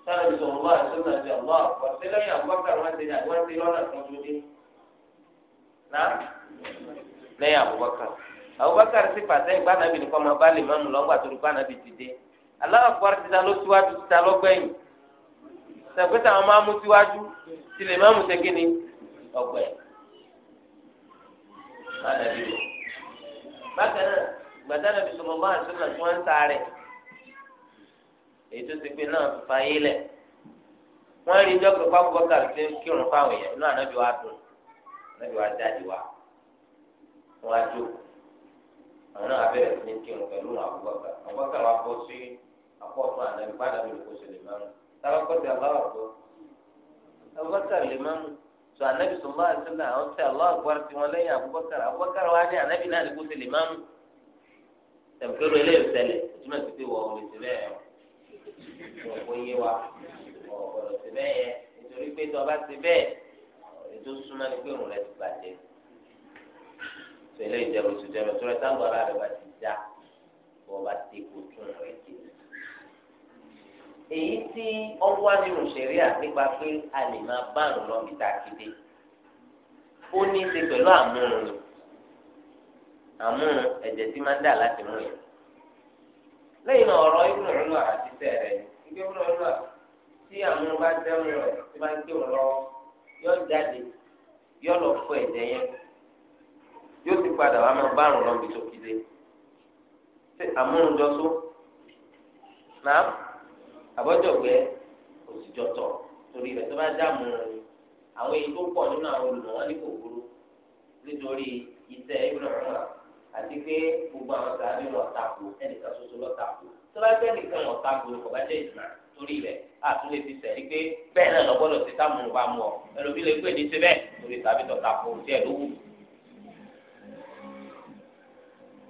sábà musulmọ àtúntà àti ọlọ àpò sílẹyìn àbúkà wọn ti àti wọn ti lọnà kótó dé ná lẹ́yìn àbúkà àbúkà sí pàṣẹ ìgbà nàbì nìkan máa bá lè má mú lọ ńgbà tó lù bá nàbì ti dé aláwọ àpò àti ta ló síwájú ti ta lọgbẹyìn sàpẹtà àwọn máa mú síwájú tilẹ̀ má mú sẹ́kìnni ọgbẹ̀yìn. má nàbí lò bákan náà gbàdá nàbí sọlọ bá àṣìlọ tí wọn ń ti náà fa yé lẹ wọn rí dọkítà pápákọ tí ń kírun fáwọn èèyàn inú ànábi wa dùn ànábi wa jáde wa wọn á jó àwọn náà abẹ́rẹ́ ní kírun pẹ̀lú wa bọ́ sí àpọ̀tún ànábi gbàdá mi lò ṣe lè máa sọ anabi sọlá àtúnlá àwọn tẹ aláwọ àgbára tiwọn lẹ́yìn abubakar abubakar wa ní anabi náà ní kó tẹlẹ máa ń tẹmukẹrù eléyìí tẹlẹ ojúmọ ti pé wọn ò lè tẹ bẹ́ẹ̀ wọn kò yé wa wọn ò lè tẹ bẹ́ẹ̀ yẹn nítorí pé tí ti bẹ́ẹ̀ ètò súnmọ́ ni pé òun rẹ ti bàjẹ́ tẹlẹ ìjẹun oṣù jẹun tó rẹ rẹ bá ti já wọn bá ti kó tún rẹ kéde èyí tí ọwọ́ wá nínú sẹ̀ríà nípa pé a lè máa bá àrùn lọ bí tàkìdé ó ní í ṣe pẹ̀lú àmúrun ni àmúrun ẹ̀jẹ̀ tí máa ń dà láti mú yẹn lẹ́yìn náà ọ̀rọ̀ ìbùnú ìlú àti sẹ̀rẹ̀ ìgbé ìbùnú ìlú tí àmúrun bá dẹ́rù rẹ̀ tí máa ń gbé òun lọ yọ jáde yọ lọ fọ ẹ̀jẹ̀ yẹn yóò ti padà wá máa bá àrùn lọ bí tòkìdé àmúrun jọ só náà àbọ̀jọ̀gbẹ́ òsìjọ́tọ̀ torí rẹ̀ tó bá dààmú àwọn èyí tó pọ̀ nínú àwọn olùmọ̀wọ́n ní kò burú nítorí iṣẹ́ Ibn Umar àti pé gbogbo àwọn sàbí wọn tako ẹnìkan ṣoṣo lọ tako tó bá gbẹ́ nìkan wọn tako kò bá jẹ́ ìjìnà torí rẹ̀ àtúndé ti sẹ̀rí pé bẹ́ẹ̀ náà lọ́gbọ́dọ̀ ti táàmù bá mú ọ ẹlòmí lè pè ní ti bẹ́ẹ̀ torí sàbí tọ̀ tako tiẹ̀ ló wù.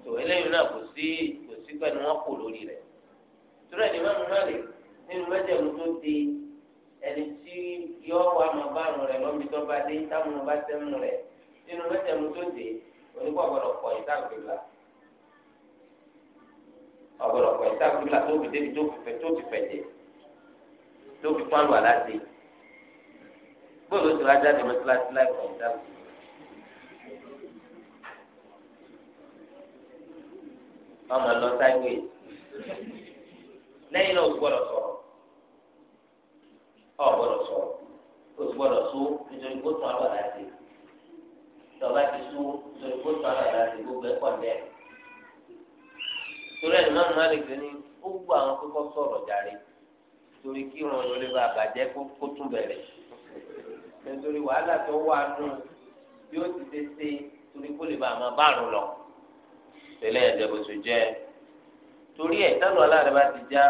tò eléyìí náà kò sí kò sí pẹ́ẹ́ni wọ́n kò lórí rẹ̀ torí ẹ̀ ní mọ́mú náà lè nínú mẹ́jẹ̀mú tó di ẹni tí yọ wà má báàrùn rẹ̀ lọ́mọbi tó bá dé táwọn bá sẹ́nu rẹ̀ nínú mẹ́jẹ̀mú tó di onígbà gbọdọ̀ kọ̀ ìta gbìlà ọ̀gbọdọ̀ kọ̀ ìta gbìlà tó fi débi tó fi fẹ̀jẹ̀ tó fi pálọ̀ aláde gbọ́dọ̀ tó ajá ni mọ́tíláṣí láì kọ̀ ìta gbìlà. ọmọ lọ sáyé lẹ́yìn náà ó gbọ́dọ̀ sọ̀rọ̀ ọ gbọ́dọ̀ sọ o sì gbọ́dọ̀ so nítorí kó tún àgbàlá sí tọba ti so nítorí kó tún àgbàlá sí gbogbo ẹ pọ̀ dẹ torí ẹni máa ń máa lè gbé ní ó gbọ́ àwọn kókó sọ̀rọ̀ jàre torí kí wọn ló lè ba àbàjẹ kó tún bẹ̀rẹ̀ nítorí wàhálà tó wà nù bí ó ti ṣe ṣe torí kó lè ba àmọ́ bárùn lọ tẹ́lẹ̀ ẹdẹ bó ṣe jẹ torí ẹ tálọ aláàrẹ bá ti já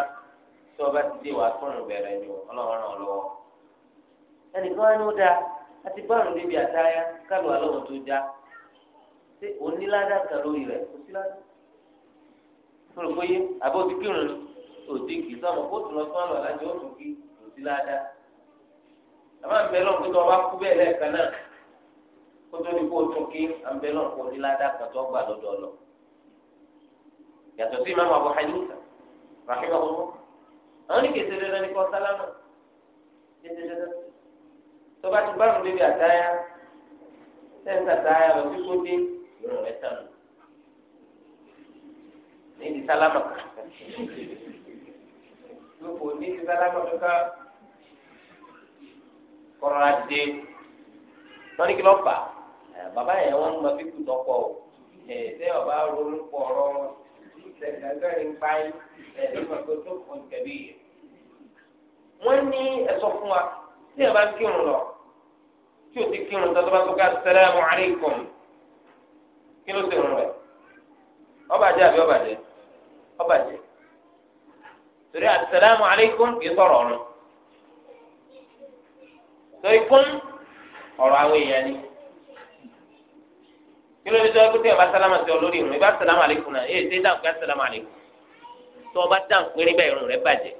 tí wọn bá ti dé wàá tún bẹ̀rẹ̀ ni Ọlọ́run ràn ọ́ lọ́wọ́ ẹnìkan wọn ni ó dáa àti báwọn débi àtayá kálù alóhùn tó dáa ṣé onílàdà kan lórí rẹ̀ kò sí ládà fún un péye àbó ti kírun ni òdi kì í sọmọ kó tún lọ sọmọ alájọ ó tún kí kò sí ládà àmọ́ àbẹlọ pé tí wọn bá kú bẹ́ẹ̀ lẹ́ẹ̀kan náà kó tó ní kó tún kí àbẹlọ kó onílàdà tó gbà lọ́dọ̀ yàtọ̀ sí ìmáàmù Abu Hanifa rahimahullah àwọn ní kèsè dandan ní kọ́ sálámà kèsè dandan tó bá ti bá àwọn bébí àtáyà sẹ́ńtà táyà lọ sí kóde lọ́rùn rẹ̀ tán ní ìdí sálámà lóko ní ìdí sálámà kankan kọ́ra dé wọ́n ní kí lọ́ọ́ fà bàbá yẹn wọ́n mọ fífi tọ́kọ̀ o ẹ̀ sẹ́yìn bàbá ronú pọ̀ ọ̀rọ̀ very fine ẹ̀ẹ́dẹ́gbẹ̀rún kẹ̀bí yìí. wọ́n ní ẹ̀sọ́ fún wa tí ẹ bá ń kírun lọ tí o ti kírun tó bá tó ká assalamu alaikum kí ló ti rún rẹ̀ ọbàjẹ́ àbí ọbàjẹ́ ọbàjẹ́ torí assalamu alaikum kì í sọ̀rọ̀ ọ̀run torí fún ọ̀rọ̀ àwọn èèyàn ni kí ló dé tó ẹkú tí ìyàbá sálámà sí ọ lórí ìrùn ìbá sálámà àlékún náà èyí tí dáhùn pé sálámà àlékún tó ọba dáhùn pé níbẹ̀ ìrùn rẹ bàjẹ́.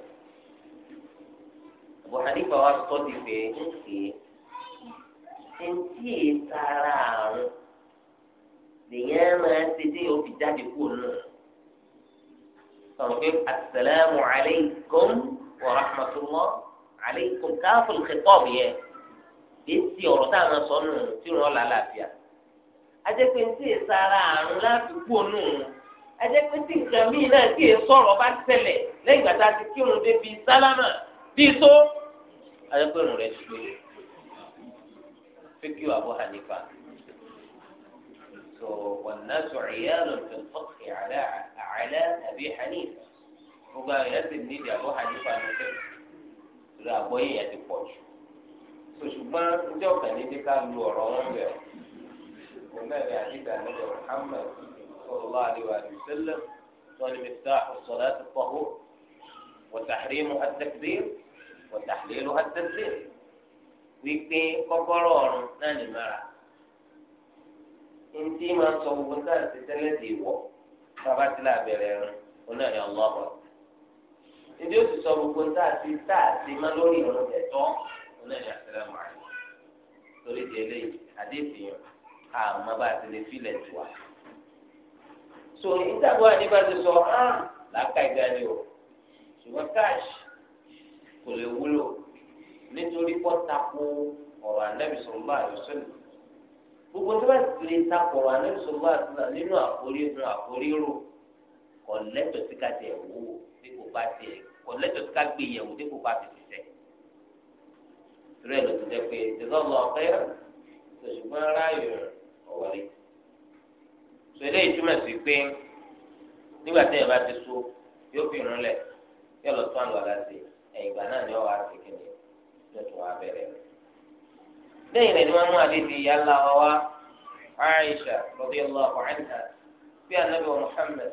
Abu Hanifa wa sọ di pé ń kì í àrùn lèyìn máa ṣe dé òbí jáde kú nù. sọ̀rọ̀ pé asalaamu aleykum wa rahmatulah aleykum káfíń kẹ́kọ̀ọ́ yẹn èsì ọ̀rọ̀ táwọn sọ nù tí wọ́n lálàáfíà ajẹ́pẹ́ ní tí è sara àrùn láti kú ònú ajẹ́pẹ́ tí nǹkan míì náà tí è sọ̀rọ̀ bá tẹ̀lẹ̀ lẹ́yìn gbàtà ti kírun débi sálámà bíi tó ajẹ́pẹ́ rẹ̀ ti gbé fíkì Abu Hanifa so wọn náà sọ ìyá lọ fi fọ́ọ̀kì àlẹ́ àlẹ́ àbí Hanifa gbogbo àwọn èèyàn sì ní ìdí Abu Hanifa lọ́sẹ̀ ìlú àgbọ̀yé yẹn ti pọ̀ jù ṣùgbọ́n ní ọ̀kàn ní ká lu ọ̀rọ̀ wọn bẹ̀rẹ̀. والنبي عجيب يا نبي محمد صلى الله عليه وآله وسلم صلى مفتاح الصلاة الطهور وتحريمها التكبير وتحليلها التنزيل ويكي قبرون ناني مرة انتي ما صوب الناس تلتي و فقط لا بيرين وناني الله أكبر انتي صوب الناس تلتي ما لوني ونجي طوم وناني السلام عليكم تريد إليه حديثي àmọ́ bá a ti lè filẹ̀ tù wá. so ìtàgbọ́ àníbá ti sọ hàn ah, làákà ìgbàlè o ṣùgbọ́n káàṣì kò lè wúlò nítorí pọ́tàkù ọ̀rọ̀ ànábì sọ̀rọ̀ àyọ̀sọ̀lẹ̀ gbogbo tí wọ́n ti lè takò ọ̀rọ̀ ànábì sọ̀rọ̀ àyọ̀sọ̀lẹ̀ nínú àkórí nínú àkórí rò kò lẹ́tọ̀ọ́ sí ká tiẹ̀ wò ó dípò bá tiẹ̀ kò lẹ́tọ̀ọ́ sí ká gbé yẹ̀wò dípò bá ti sẹ́ rẹ̀ ló ti jẹ́ pé ìdílọ́lọ́ ọ̀fẹ́ ṣùgbọ́n ráyò ọ̀wọ́lé sọ eléyìí túmọ̀ sí pé nígbà tí èèyàn bá ti so yóò fi irun lẹ̀ yóò lọ tún àlọ́ àláṣẹ ẹ̀yìn ìgbà náà ni ọ̀wá ti kéde yóò tún wá bẹ̀rẹ̀ rẹ̀ lẹ́yìn ni wọ́n mú àdéhùn ìyá ńlá wa wá Aisha radiyallahu anha bí anabi Muhammad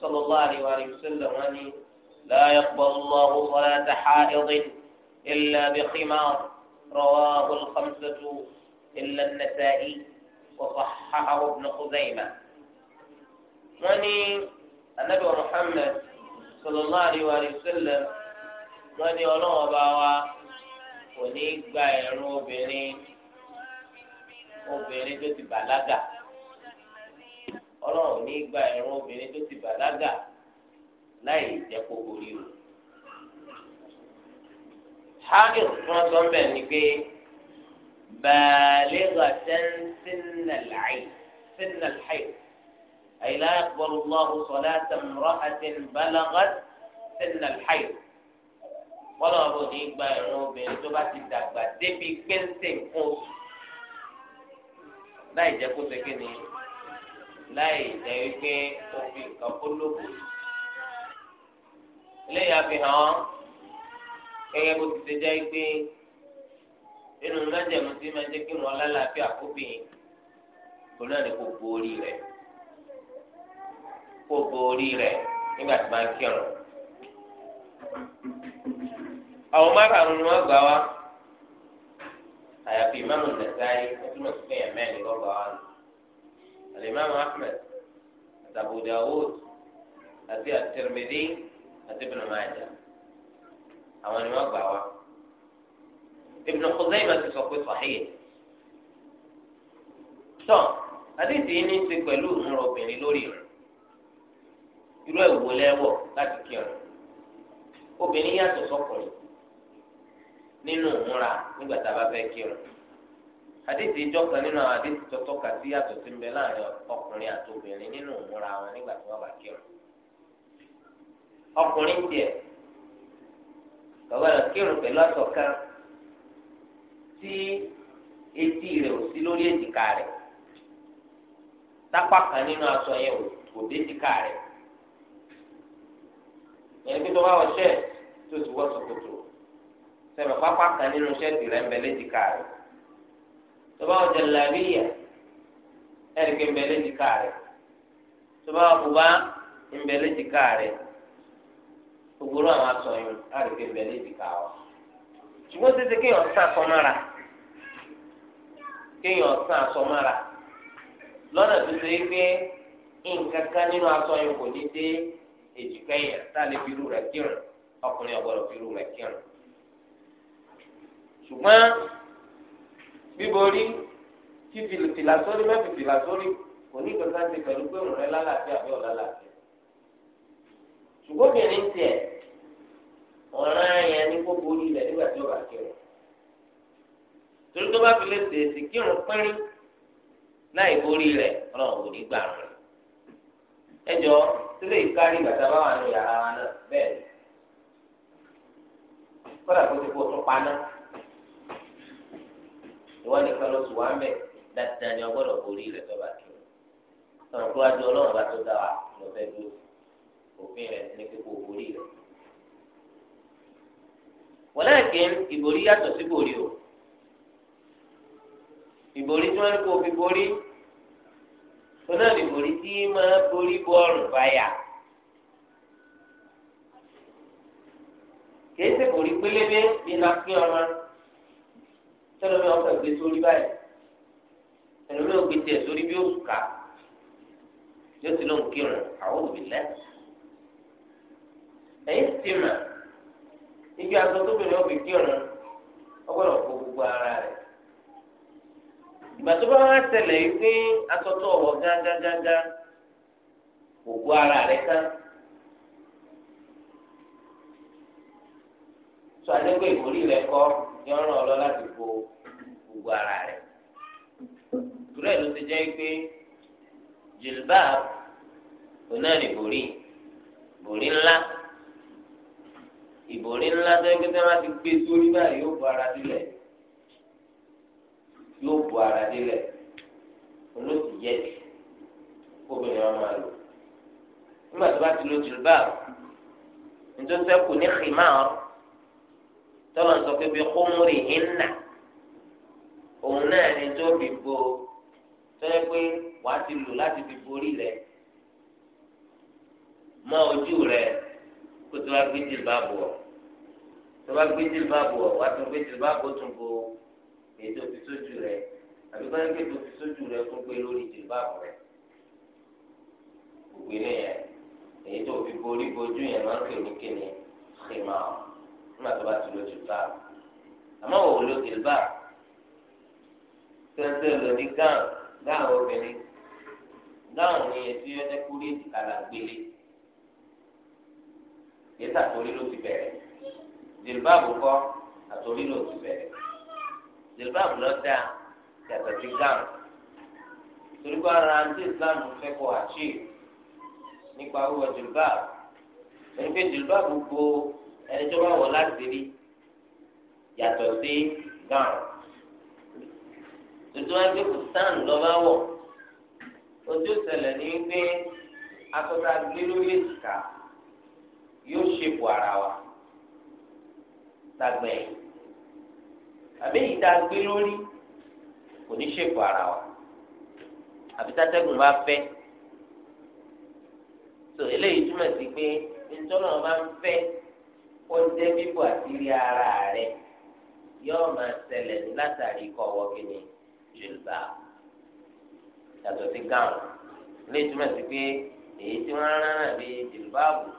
sallallahu alayhi wa sallam wọ́n ní la yaqbalu Allahu salata haidin illa bi khimar rawahu al-khamsatu illa an وصححه ابن خزيمة وني النبي محمد صلى الله عليه وآله وسلم وني ولو باوا وني غير بني obìnrin tó ti bàlágà ti bàlágà بالغة سن العين سن الحيض أي لا يقبل الله صلاة امرأة بلغت سن الحيض wọ́n lọ́wọ́ ní gba ìrún obìnrin tó bá ti dàgbà débi péńsè nǹkan oṣù láì jẹ́ kó segin ni láì jẹ́ wípé òfin kan kó lóko. eléyàá fi hàn án gẹ́gẹ́ bó ti ṣe jẹ́ pé nínú májẹ̀mú tí máa jẹ́ kí wọ́n lálàáfíà fóbìnrin kò náà ní kò borí rẹ̀ kò borí rẹ̀ nígbà tí máa ń kírun. àwọn márùn-ún ni wọ́n gbà wá àyàfi ìmáàmù Nasa'i ẹtúmọ̀ sí fẹ́yàn mẹ́rin lọ́gbà wá nù. Al-Imam Ahmad àti Abu Dawud àti at àti Ibn àwọn ni wọ́n gbà wá. Ibn Khuzaimah ti sọ pé sahih. tọ́ àdéhùn yìí ní í ṣe pẹ̀lú ìmúra obìnrin lórí rẹ̀ irú ẹ̀wò lẹ́wọ̀ láti kírun obìnrin yàtọ̀ sọ́kùnrin nínú ìmúra nígbà tá a bá fẹ́ kírun àdéhùn ìjọ n'inu nínú àwọn àdéhùn tó tọ́ka sí yàtọ̀ obìnrin wọn nígbà tí wọ́n bá kírun ọkùnrin tiẹ̀ bàbá tí etí rẹ̀ ò sí lórí èjìká rẹ̀ tápá kan nínú aṣọ yẹn kò dé èjìká rẹ̀ yẹn pé tó bá wọ ṣẹ́ẹ̀tì tó ti wọ ṣòkòtò sẹ̀mẹ̀ pápá kan nínú ṣẹ́ẹ̀tì rẹ̀ ń bẹ léjìká rẹ̀ tó bá wọ jẹ̀lábíyà ẹ̀rìkẹ́ ń bẹ léjìká rẹ̀ tó bá wọ bùbá ń bẹ léjìká rẹ̀ gbogbo àwọn aṣọ yẹn ẹ̀rìkẹ́ ń bẹ léjìká rẹ̀ ṣùgbọ́n títí kéèyàn sá sọ kéèyàn sàn aṣọ mára lọ́nà tó ṣe é pé nǹkan kan nínú aṣọ yẹn kò ní dé èjìká èèyàn tá a lè fi irú rẹ̀ kírun ọkùnrin ọ̀gbọ́dọ̀ fi irú rẹ̀ kírun. ṣùgbọ́n bíborí fífi fìlà sórí mẹ́fì fìlà sórí kò ní kankan ti pẹ̀lú pé òun rẹ̀ lálàáfíà bí ọ̀la làáfíà. ṣùgbọ́n obìnrin tiẹ̀ ọ̀ràn yẹn ní kó borí rẹ̀ nígbà tí ó bá kírun torí tó bá fi lè tètè kírun pínrín láì borí rẹ̀ Ọlọ́run kò ní gbà rẹ̀ ẹ jọ sílẹ̀ ìkárí ìgbàdá bá wà ní yàrá wa náà bẹ́ẹ̀ kódà kó ti kó tún paná ìwọ nìkan ló sùn wá mẹ dáadáa ni ọgbọ́dọ̀ borí rẹ̀ tó bá kírun sọ̀rọ̀ tó wájú Ọlọ́run bá tó dá wa lọfẹ dúró òfin rẹ̀ ní kíkó borí rẹ̀ wọlé ẹkẹ ìborí yàtọ̀ sí borí o. ìborí tí wọ́n ní fi borí tó náà ní ìborí tí máa borí bọ báyà kìí ṣe borí pélébé ní nàkí ọmọ tẹlifí ọkọ ìgbé sórí báyìí tẹlifí ọkọ bi sórí bí òṣùkà yóò ti lóun kírun àwọn òbí lẹ ibi àtọ tóbi ni ìgbà tó bá wá ṣẹlẹ̀ yìí pé atọ́tọ́ ọ̀wọ́ gángangánga òkú ara rẹ̀ ká. sọ adégbé ìwòrí rẹ̀ kọ́ ni ọ̀ràn ọ̀lọ́ láti bo gbogbo ara rẹ̀. ìtúrẹ́ ló ti jẹ́ pé jilbab onáà ni ìbòrí ìbòrí ńlá ìbòrí ńlá tó ń gbé tí wọ́n ti gbé sórí báyìí ó bu ara sílẹ̀ yóò bu ara délẹ̀ olóòtú yẹ jù obìnrin wọn máa lò nígbà tó bá ti lo jìlbáàbù nítorí kò ní khimar tọ́lọ̀ ń sọ pé bí kómúrì hinna òun náà ni tó fi bo tọ́lẹ̀ pé wàá ti lò láti fi borí rẹ̀ mọ ojú rẹ̀ kó tó wá gbé jìlbáàbù wọ̀ tó bá gbé jìlbáàbù wọ̀ wàá tún gbé jìlbáàbù tún bo ètò fi sójú rẹ àbí bá yẹ kí ètò fi sójú rẹ kó gbé lórí jìlbáàbù rẹ gbogbo ilé yẹn èyí tó fi borí bojú yẹn máa ń pè ní kíni xìmà nígbà tó bá ti lo jìlbáàbù àmọ́ wò ó lo jìlbáàbù tẹ́tẹ́ lọ ní gáàn gáàn obìnrin gáàn ni etí ọjọ́ kúrò ìdìkàlà gbélé yẹtà torí ló ti bẹ̀rẹ̀ jìlbáàbù kọ́ àtòrí ló ti bẹ̀rẹ̀ jìlbáàbù lọ́dà yàtọ̀ sí gáàmù torí pé ara àti ìsìláàmù fẹ́ kọ́ àṣì nípa wíwọ jìlbáàbù ẹni pé jìlbáàbù bo ẹni tó bá wọ̀ láti rí yàtọ̀ sí gáàmù tuntun wáyé kò sàn lọ́ba wọ̀ ojú ìṣẹ̀lẹ̀ ní pé akọ́ta gbé lórí èjìká yóò ṣèpò ara wa lágbẹ̀yìn àbí èyí tá a gbé lórí kò ní ṣèpọ̀ ara wa àbí tátẹ́gùn bá fẹ́ tó eléyìí túmọ̀ sí pé ntọ́nà bá ń fẹ́ kó jẹ́ bíbọ̀ àti rí ara rẹ̀ yóò máa ṣẹlẹ̀ látàrí ikọ̀ ọwọ́ kìíní jùlọ yàtọ̀ sí gáwọn eléyìí túmọ̀ sí pé èyí tí wọ́n rán náà bíi jìlbáàbù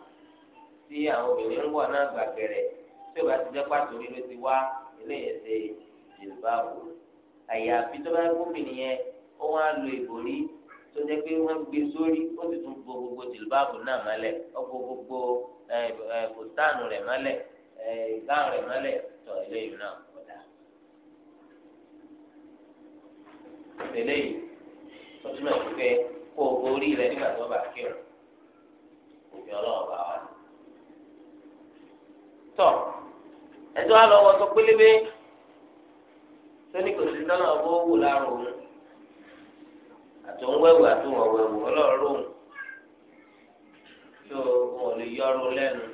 tí àwọn obìnrin ń wọ̀ náà gbàgbẹ̀rẹ̀ tí ò bá ti jẹ́ pàtó rí ti wá eléyìí ṣe jìlbáàbù àyàfi tó bá gómìnà yẹn ó wá lo ìbòrí tó jẹ́ pé wọ́n gbé sórí ó sì tún bo gbogbo jìlbáàbù náà mọ́lẹ̀ ó bo gbogbo bùtánù rẹ̀ mọ́lẹ̀ gáàrùn rẹ̀ mọ́lẹ̀ tọ̀ eléyìí náà kọ̀dà. eléyìí tó túmọ̀ sí pé kó o borí rẹ̀ nígbà tó bá kírun òfin ọlọ́ọ̀bá. ẹjọ́ wa lọ wọ sọ pélébé sẹ́ni kò sí sọ́nà ọ̀bọ wò láàrọ̀ òun àtọ̀wẹ́wò àtọ̀wọ̀wẹ́wò ọlọ́run tó wọn lè yọrù lẹ́nu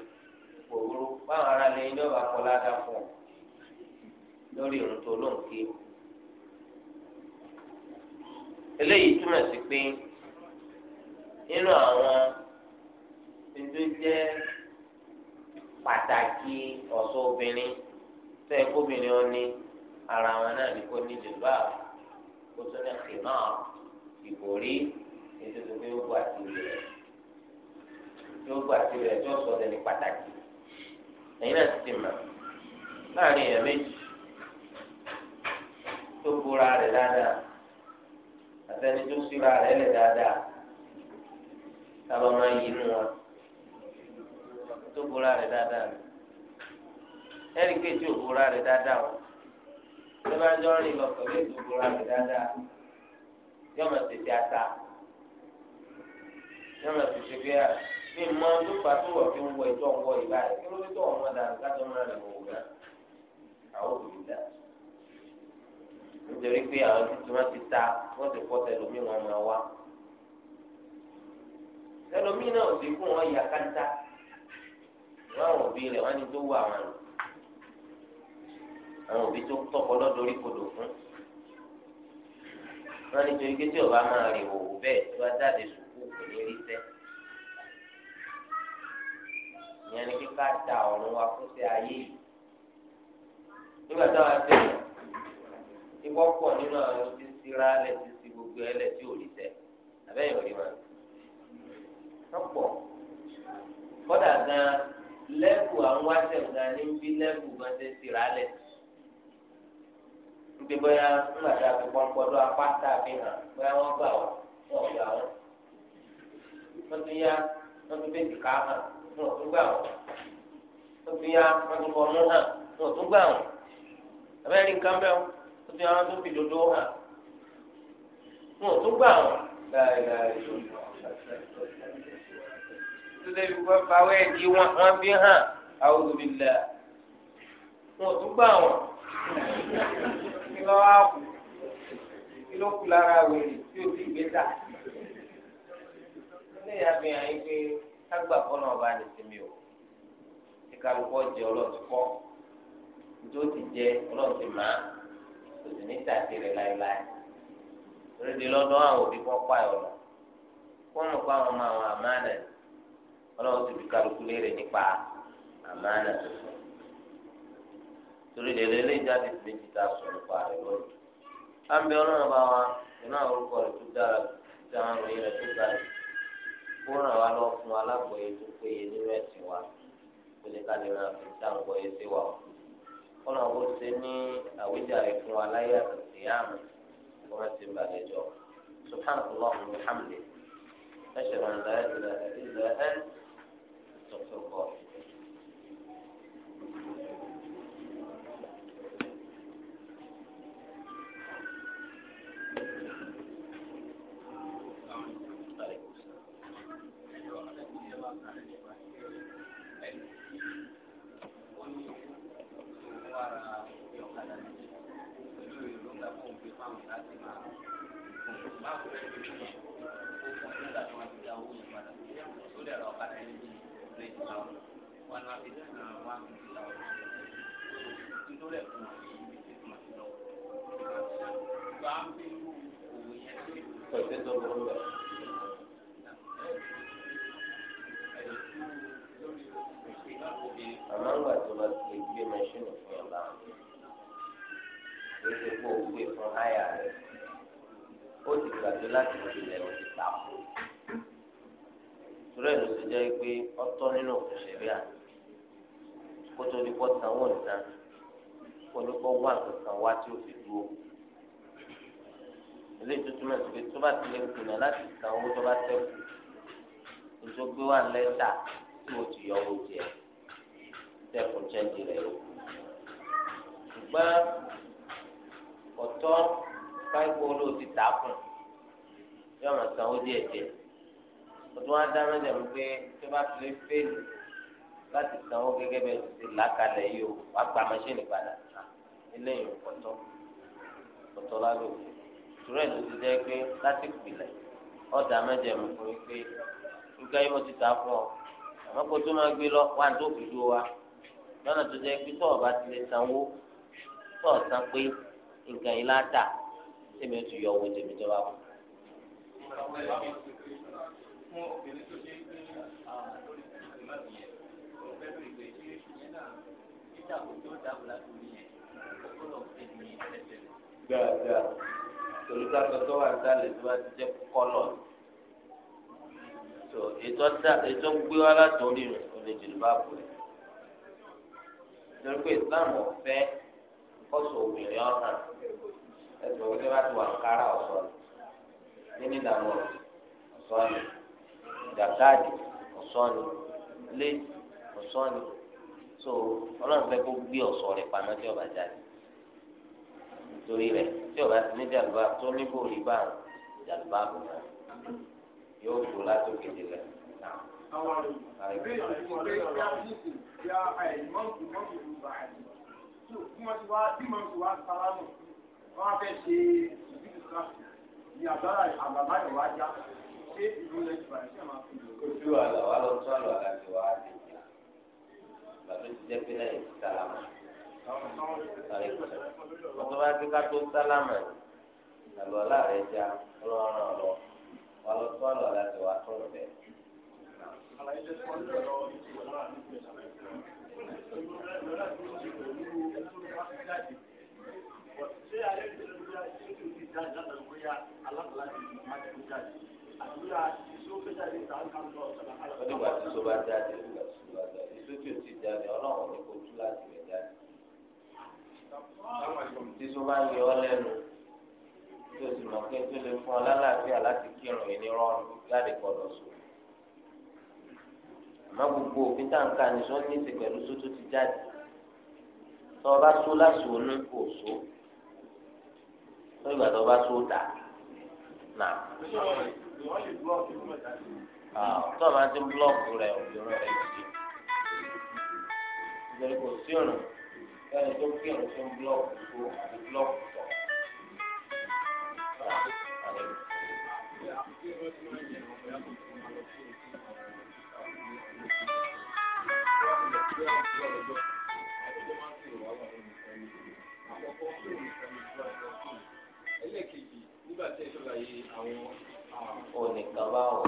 báwọn ará ní ọba tó lóun kí. pàtàkì ọ̀ṣọ́ obìnrin tẹ́ kóbìnrin ó ní ara wọn náà ní kó ní dùbà kó tó ní kìnnà ìbòrí ètò tó fi gbogbo àti rẹ̀ gbogbo àti rẹ̀ tó sọ ọ́ ní pàtàkì ẹ̀yin náà ti ti láàrin èèyàn méjì tó bóra rẹ̀ dáadáa àtẹni síra rẹ̀ lẹ̀ dáadáa tábà máa yinú wọn tó bora rẹ̀ dáadáa ni ẹ̀rí pé tí ò bora rẹ̀ dáadáa o tó bá ń jọ rìn lọ pẹ̀lú ètò bora rẹ̀ dáadáa yọmọ tètè ata yọmọ tètè gbé a ní mọ ọdún pàtó wọ̀ fi ń wọ ìjọ ń wọ ìgbà rẹ̀ kí ló dé tó ọmọ dàrú ká tó máa rẹ̀ wọ̀ wọ̀ àwọn òbí dà nítorí pé àwọn títí wọn ti ta wọn ti pọ́ tẹlómi wọn máa wá tẹlómi náà ò sí kún wọn yà káńtà. wọn àwọn òbí rẹ̀ wọn tó wù àwọn àwọn òbí tó tọkọ lọ́dọ̀ kodò fún wọn ni torí ọba máa rìn òwò bẹ́ẹ̀ tí wọn jáde sùkú kò ní rí sẹ ìyẹn ni kíkà da wa fún sí ayé yìí nígbà táwọn abẹ ikọ́ nínú àwọn tí ti si gbogbo ẹ lẹ̀ ò rí sẹ ò rí wọn. wọ́n pọ̀ wà ń wá sẹ̀ǹgà ní bí lẹ́bù bá ṣe tìrà lẹ̀. níbi bóyá ńgbà tá a fi pọ́npọ́dọ́ apá tá a fi hàn bóyá wọ́n gbà wọ́n wọ́n gbà wọ́n. wọ́n tún yá wọ́n tún bẹ́ẹ̀ kà á hàn wọ́n tún gbà wọ́n. wọ́n tún yá wọ́n tún fọmú hàn wọ́n tún gbà abẹ́rẹ́ nǹkan bẹ́ẹ̀ wọ́n tún yá wọ́n tún fi dodo hàn wọ́n tún gbà wọ́n tó débi wọ́n bá wẹ́ẹ̀dì wọn fi hàn àwùjọ mi lẹ wọn ò tún gbà wọn kí ló wá kú kí ló kú lára wèrè tí o ti gbé ta ilé ìyàgbé yẹn yìí pé kágbà fọlọ́ ọba ni sinmi o ìkàlùkọ jẹ ọlọ́ọ̀tún kọ́ nítorí ti jẹ ọlọ́ọ̀tún máa kò sì ní tàtí rẹ láéláé lórí lọ́dọ̀ àwọn òbí kan pààyàn lọ kó wọn kó àwọn ọmọ àwọn àmàlẹ ọlọ́run ti fi kálukú léèrè nípa àmàlà tó fún torí lèlè lè jáde méjì tá a sọ nípa rẹ̀ lónìí à ń bẹ ọlọ́run bá wa iná orúkọ rẹ̀ tó dára tí àwọn ìròyìn rẹ̀ tó ga jù kó ràn wá lọ fún alágbọ̀ye tó péye nínú ẹ̀sìn wa kó lè ká lè ràn fi tá sí wa kó náà bó ṣe ní àwíjàre fún wa láyé àtàtì àmì kó má ti bàlẹ̀ jọ subhanahu wa rahmatulahi ashhadu an la ilaha illa anta astaghfiruka táwọn ìlà ti máa báwo fẹ́ẹ́ fi mí ó fún un nígbà tí wọ́n ti dá owó yẹn padà sórí ẹ̀rọ ọ̀kadà yẹn ní ilé ìtura wọn wọn ni wọ́n fi dáná wọn fi ti láwọn nítorí ẹ̀kọ́ wọn yìí ní ti fún ọtí lọ́wọ́ gba ń bí irú òwò yẹn sí. pẹ̀lú tó lọ lọ. àmọ́ ń gbà ti gbé mẹ́ṣínì fún ẹ̀ èsì kó o gbé fún háyà rẹ̀ ó ti gbàgbé láti tilẹ̀ ó ti tà kú. ìṣúra ìlú ti jẹ́ pé ọtọ́ nínú òṣèré à kó tó ní kó sanwó nǹkan kó ní kó wá nǹkan wá tí ó fi dúró. ilé tuntun mẹ́sàn-án pé tó bá ti lè gbìnà láti san owó tó bá tẹ́kù ètò gbé wà lẹ́tà tí o ti yọ owó jẹ tẹ́kù jẹ́ǹdì rẹ̀ o ọ̀tọ́ káyipó ló ti tà kùn yóò máa sanwó díẹ̀ díẹ̀ ọdún wa dá mẹ́jọ mi pé tó bá tilé fèlì láti sanwó gẹ́gẹ́ bẹ́ẹ̀ ti làkàlẹ̀ yìí o wà gba mọ́ṣínì padà eléyìí ọ̀tọ́ ọ̀tọ́ lábẹ́ òfin ìtura ẹ̀ ló ti jẹ́ pé láti pìlẹ̀ ọ̀dà mẹ́jọ mi fún mi pé nǹkan yìí mo ti tà fún ọ àmọ́ kó tó máa gbé lọ wà tó fi dúró wa lọ́nà tó jẹ́ pé tọ́ọ̀ bá tilé sanwó tọ́ọ̀ san pé nǹkan yìí láta tèmi oṣù yọ owó tèmi tó bá wù. gbàgbà tòlúkà tọ́tọ́ wà sálẹ̀ tó bá ti jẹ́ kọ́lọ̀ tó ètò gbé wá látòrí rẹ̀ kò lè jùlọ bá bọ̀ rẹ̀. torí pé ọ̀fẹ́ kọ́sù obìnrin ọ̀hán ẹ̀sùn òkúté bá ti wà kára ọ̀sọ́ ni níní ìdààmú ọ̀sọ́ ni jàkáàdì ọ̀sọ́ ni lé ọ̀sọ́ ni so ọlọ́run fẹ́ kó gbé ọ̀sọ́ rẹ̀ pamọ́ tí ọba jáde torí rẹ̀ tí ọba ti ní jàlùbá tó níbò rí bá jàlùbá bò náà yóò tó láti òkèdè rẹ̀ náà. Àwọn àrùn ìbéèrè ìfọ̀lẹ́ ọ̀rọ̀ yá àìmọ́tò mọ́tò lù bàá tí wọ́n ti wá bí mọ̀ ti wá sára nù wọ́n á fẹ́ ṣe ìbílẹ̀ sọ́ra ní àgbára àgbàbá ìwà ajá ṣé ìlú rẹ̀ ti bàjẹ́ máa fi. ojú àlọ́ wa lọ tún àlọ́ àlá ti wá àti ìjà bàbá ti jẹ́ pé lẹ́yìn ti sálámà ọtọ́ bá ti ká tó sálámà já ọlọ́run ọlọ́ wa lọ tún àlọ́ àlá onígbà tí so bá jáde onígbà tí so bá jáde èso tí o o sì mọ̀ pé tó lè fún ọ lálàáfíà láti kírun yìí ní rọrùn jáde gbọdọ̀ sùn àmọ́ gbogbo òfin tá à ń kà ní sọ́ọ́ ní ìsìn pẹ̀lú sótó ti jáde tọ́ ọ bá tó láṣù onú kò so lọ́gbà tó bá tó dà nà. tọ́ ọ bá ti búlọ́ọ̀kù rẹ̀ òbíràn rẹ̀ sí. ìbẹ̀rẹ̀ kò sí ọ̀nà ẹni tó kí ọ̀nà tó ń búlọ́ọ̀kù tó àti búlọ́ọ̀kù tọ̀. Thank àkọ́kọ́ kí òun nìkan ní ìgbà ìgbà fún ẹlẹ́ẹ̀kejì nígbà tí ẹ ṣàlàyé àwọn onìkan bá wọ.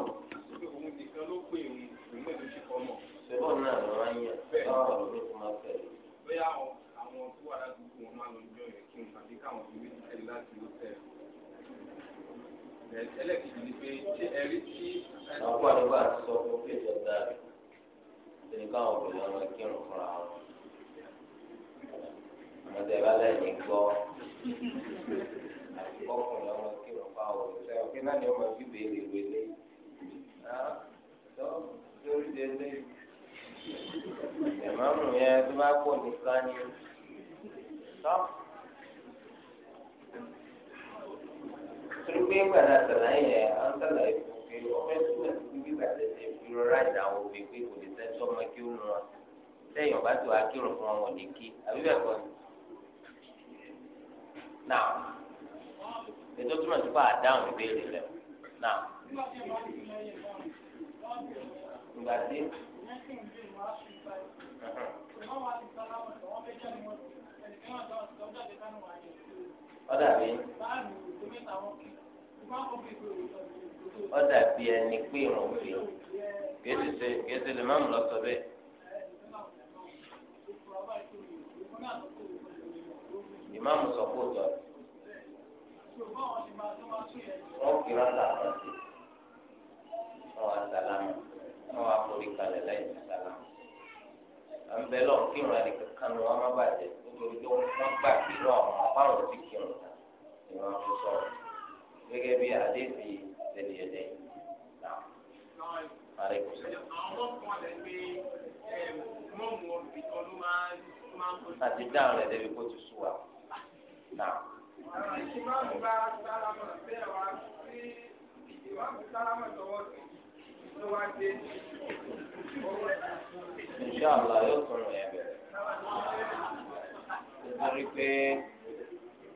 ìṣèlú òun nìkan ló pè òun òun mẹ́lò sí kọ́mọ̀. ṣùgbọ́n náà ló máa ń yẹ báwọn ló fi máa tẹ̀lé. bóyá àwọn tó wà ládùúgbò wọn máa lọ jọ yẹn kí n àbí káwọn fi mí tẹ̀lé láti ló tẹ̀. ẹlẹ́ẹ̀kejì ni pé ṣé ẹ̀rí tí. àwọn àgbà sọ fún pé ìjọba rẹ̀ ṣe ní káwọn obìnrin wọn kírun fúnra wọn àwọn tẹ bá lẹ́yìn gbọ́ àti kọkùnrin ọmọ kí wọn bá wọn ṣe ọkẹ náà ni wọn máa fi béèrè wẹlé lórí délé ìmọ̀mù yẹn tó bá pọ̀ nìkan ni tọ́. torípé gbàdá sàlàyé yẹn à ń sàlàyé fún pé ọmọ ẹgbẹ́ ìlú gbígbà tẹ̀sẹ̀ ìrora ìdáwó pé pé kò lè sẹ́ńtọ́ ọmọ kí ó nu wọn lẹ́yìn ọ̀bá tó akérò fún ọmọ nìkí àbí bẹ́ẹ̀ kọ́ ni náà ètò túmọ̀ sí pé àdáhùn ìbéèrè rẹ̀ náà. ìgbà tí. ọ̀dàbí ọ̀dàbí ẹni pé ìrùn fi kìí ṣe lè má mú lọ sọ bẹ́ẹ̀. ìmáàmù sọ pé òtọ́ wọn kì í rákà kan sí wọn kalẹ̀ lẹ́yìn sálámù àwọn bẹ́ẹ̀ lọ kírun àti kankan bàjẹ́ nítorí wọn gbà kí lọ àwọn àbáwọn ti kírun ta ni wọn fi sọ̀rọ̀ gẹ́gẹ́ bí ẹdẹ náà. Àti dáhùn kó ti náà.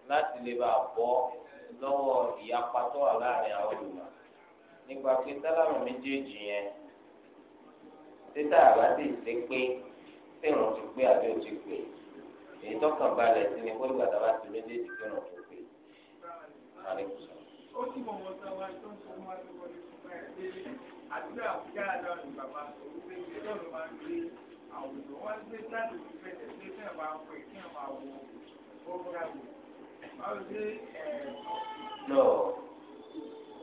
láti lè bá bọ́ lọ́wọ́ ìyapa tó àwọn olùmọ̀ nípa pé sálámù méjèèjì yẹn títà àbá sì ṣe pé tí ìrùn ti pé àbí ò ti pè é èyí tọkàn balẹ̀ sí ni kórí bàtà bá ti méjèèjì kí ọ̀nà tó pé ó sì mọ̀ mọ́tò wa tó ń sọ wá lọ́wọ́ ní ṣùgbọ́n ẹ̀ ṣe àdúrà àbújá àdáwọ̀ ní bàbá òwúrọ̀ ìgbẹ́ lọ́rùn máa ń gbé àwùjọ wọn gbé láti fi fẹ́tẹ̀ sí fẹ́ máa pẹ̀ kí ẹ̀ máa wọ fọ́gbọ́ráwò. báwo ṣe ẹ̀ lọ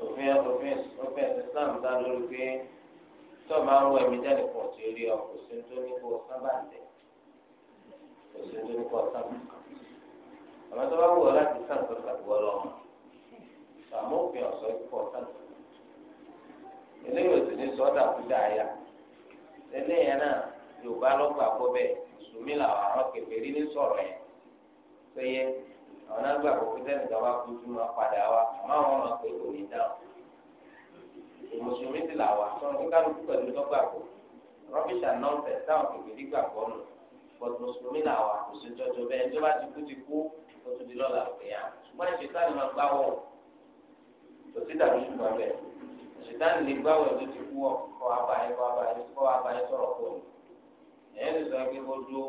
òfin òfin òfin Islam dá lórí pé tó o máa ń wọ ẹ̀mí jáde pọ̀ sí orí ọkọ̀ sí ní tó ní kó o sábà tẹ̀ òsè lórúkọ sàn àmọ́ tó bá wù ọ láti sàn tó sàgbọ lọrùn sàmófin ọsọ ikọ sàn eléyìí òsè ní sọdà kúdà yá eléyìí náà yorùbá lọgbà kọ bẹ́ẹ̀ sùmí làwọn àwọn kẹfẹẹrí ní sọ̀rọ̀ yẹn péye àwọn náà gbà kókó sẹni gbàgbà kújú máa padà wá àmọ́ àwọn máa pé kò ní dáhùn mùsùlùmí ti là wà sọ nígbà tó pẹ̀lú rọbìṣà nọọsẹ táwọn kẹfẹẹrí gbà kọ nù bọ̀dù mùsùlùmí là wà kò sí jọjọ bẹ́ẹ̀ tó bá ti kú ti kú ó tún di lọ́la òkèèyàn ṣùgbọ́n ìṣètàn máa gbá wọ̀ tó ti dàbí ṣùgbọ́n bẹ́ẹ̀ ìṣètàn lè gbá wọ̀ tó ti kú kọ́ abayé kọ́ abayé kọ́ abayé sọ̀rọ̀ kọ́ ni ẹ̀yẹ́ sọ pé kó dúró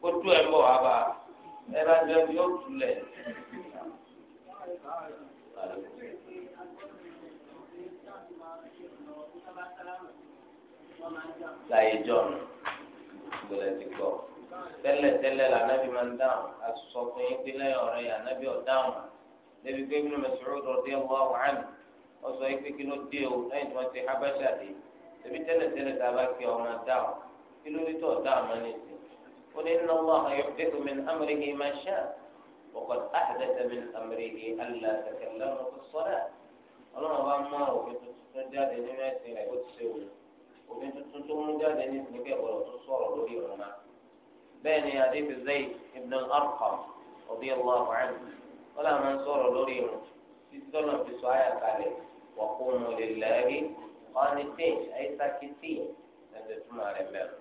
kó dúró ẹ̀ bá ẹ bá jẹ́ bí ó tulẹ̀. láyé jọ̀ọ́ gbọ́dọ̀ ti gbọ́ tẹ́lẹ̀ tẹ́lẹ̀ la anabi máa ń dáhùn asọ fún yín pé lẹ́yìn ọ̀rẹ́ yẹn anabi ò dáhùn lẹbi pé Ibn Mas'ud radiyallahu anhu wọn sọ yín pé kí ló dé o lẹ́yìn tí wọn ti habasha dé tẹbi tẹ́lẹ̀ tẹ́lẹ̀ tá a bá kí ọmọ dáhùn kí ló tó dáhùn máa ní ìsìn ó ní inna Allaha yuhdithu min amrihi ma sha'a wa qad ahdatha min amrihi alla takallamu fi s-salah ọlọ́run bá mú àwọn òfin òfin tuntun tó mú jáde ní ìpínlẹ̀ ọ̀rọ̀ tó sọ̀rọ̀ lórí ọ̀rọ̀ náà bẹ́ẹ̀ ni ipinle oro to soro lori oro naa bee ni adebi zayi ibn al-arqam radiyallahu anhu wọ́n là máa ń sọ̀rọ̀ lórí ọ̀rọ̀ títí tọ́lọ̀ fi sọ àyà kalẹ̀ wa kó qumu lillahi qanitin ay sakitin ẹ̀sẹ̀ túmọ̀ rẹ̀ mẹ́rin.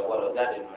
Ẹ̀wọ̀n lọ jáde mọ́.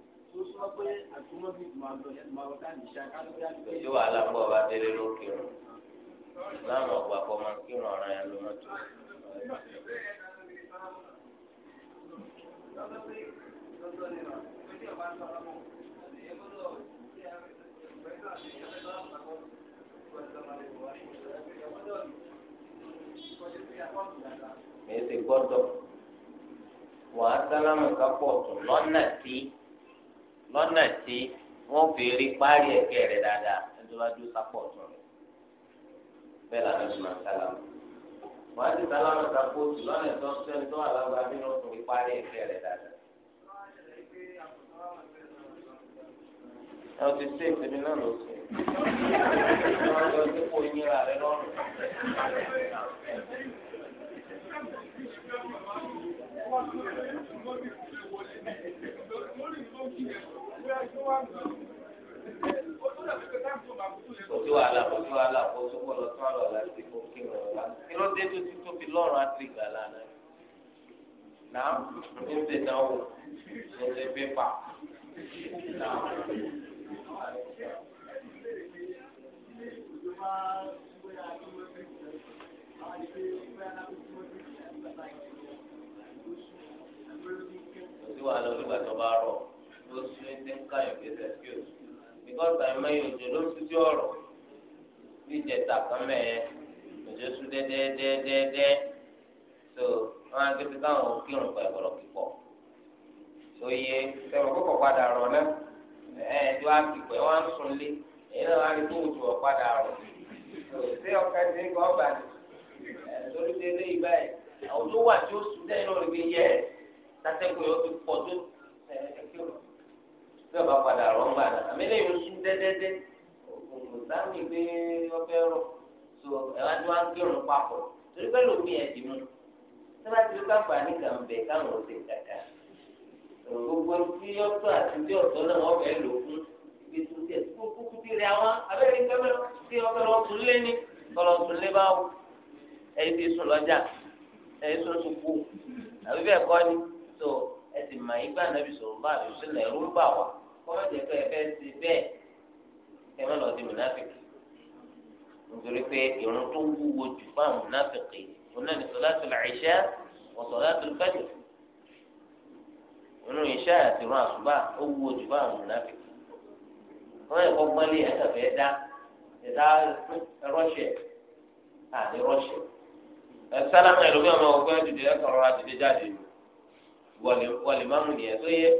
ìdí wàhálà pọ̀ bá délé lókè rẹ̀ láwọn ọ̀gbà kọ́ máa kírun ọ̀ràn yẹn ló mọ̀ tó. èsì gbọ́dọ̀ wàá sálámù kápọ̀ ọ̀tún lọ́nà tí. lọ́nà tí wọ́n fi rí parí ẹ̀kẹ́ rẹ̀ dáadáa ẹjọ́ bá dúró sápọ̀ ọ̀tún rẹ̀ bẹ́ẹ̀ làwọn ẹ̀sùn máa ń sálámù. wọ́n á ti sálámù sàpóòtù lọ́nà tó ń sẹ́ni tó wà lágbára bí wọ́n fi rí parí ẹ̀kẹ́ rẹ̀ dáadáa. ẹ ti ṣe ìsinmi náà ló sè é wọ́n sípò yínra rẹ lọ́rùn. Thank you kò sí wàhálà kò sí wàhálà kò sí wọ́n lọ tún àlọ́ láti kó kí wọ́n wá. kí ló dé tó ti tóbi lọ́rùn àti ìgbàlá náà? náà ń ṣe ìdánwò ń bá rọ̀ ló sí ẹsẹ̀ ń káyọ̀ kí ẹsẹ̀ sí òsì bíkọ́sì àìmọ́ yìí òjò ló ti di ọ̀rọ̀ bí ìjẹta kan mẹ́ẹ̀ẹ́ òjò sún dẹ́dẹ́dẹ́dẹ́dẹ́ so wọn á gbé káwọn kírun pa ìbọ̀rọ̀ kíkọ oyè sẹ́wọ̀n kókò padà rọ̀ náà ẹ̀ẹ́dì wá kíkọ ẹ̀ wá ń sùn lé èyí náà wá rí kó òjò ọ̀padà rọ̀ ṣé ọ̀kẹ́ ti ń kọ́ bàtì lórí ti ilé ibà tó wà tí ó sùn ẹ̀ tàtẹ́kùn yóò ti bí ọba padà rọ̀ ń gbà náà àmì lẹ́yìn oṣù dẹ́dẹ́dẹ́ òògùn sáàmì gbé ọbẹ̀ rọ̀ so ẹ̀wá tí wọ́n á kírun papọ̀ torí pẹ́ lómi ẹ̀ dì mú tí wọ́n ti rí káfà ní kàǹbẹ̀ káwọn ọ̀sẹ̀ kàkà gbogbo tí ọ̀tọ̀ àti tí ọ̀tọ̀ náà wọ́n fẹ́ lò fún ìgbésù tí ẹ̀ kúkú ti rẹ̀ àwọn abẹ́rẹ́ ìgbẹ́mẹ́ tí ọ̀fẹ́ lọ sùn lé ní kọlọ sùn lé bá wù ẹ̀yìn ti sùn lọ́jà ẹ̀yìn sùn sùn kú àbí bẹ́ẹ̀ kọ́ ni so ẹ̀ sì mà yín gbà nàbì sọ̀rọ̀ bá àbí sílẹ̀ ẹ̀rú ń bà wá kọ́lá jẹ́ pé ẹ fẹ́ ṣe bẹ́ẹ̀ ẹ má lọ di mùnáfíkì nítorí pé ìrun tó wúwo jù fáwọn mùnáfíkì òun náà ní salatul isha wa salatul fajr ìrun ìṣá àti ìrun àsùbá ó wúwo jù fáwọn mùnáfíkì wọ́n yẹ kó gbọ́n lé dá ẹ̀dá rọ́ṣẹ̀ àní rọ́ṣẹ̀ ẹ̀sálámà ẹ̀lómi ọmọ ọgbẹ́ dìde ẹ̀kọ́ rọra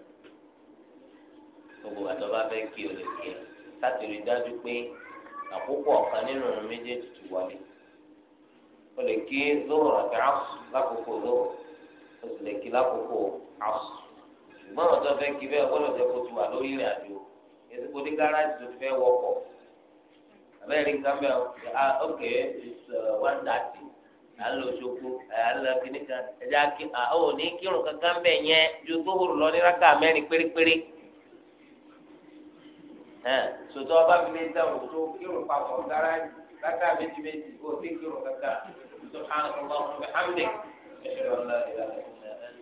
gbogbo àti ọba fẹ́ kí o lè kí ẹ láti rí dájú pé àkókò ọ̀kan nínú ọ̀run méjèèjì ti wọlé o lè kí lóhùn àti asù lákòókò lóhùn o sì lè kí lákòókò asù ṣùgbọ́n àwọn tó fẹ́ kí bẹ́ẹ̀ gbọ́dọ̀ jẹ́ kó ti wà lórí ìrìn àjò èsì ní gáràjì tó fẹ́ wọkọ̀ abẹ́rẹ́ nǹkan bẹ́ẹ̀ ah ok it's uh, one thirty alo soko alo kìnìkan ẹ̀jẹ̀ ah ò ní kírun kankan bẹ́ẹ̀ yẹn ju tó hùrù lọ ní rákà mẹ́rin pérépéré sòtò ọba mi lè dá òkú kírun papọ̀ gara kàkà méjì méjì kó o ti kírun kàkà sùhánù ọlọ́run bẹ hàmdè ẹ̀ṣẹ̀ ọ̀la ìlànà ìlànà.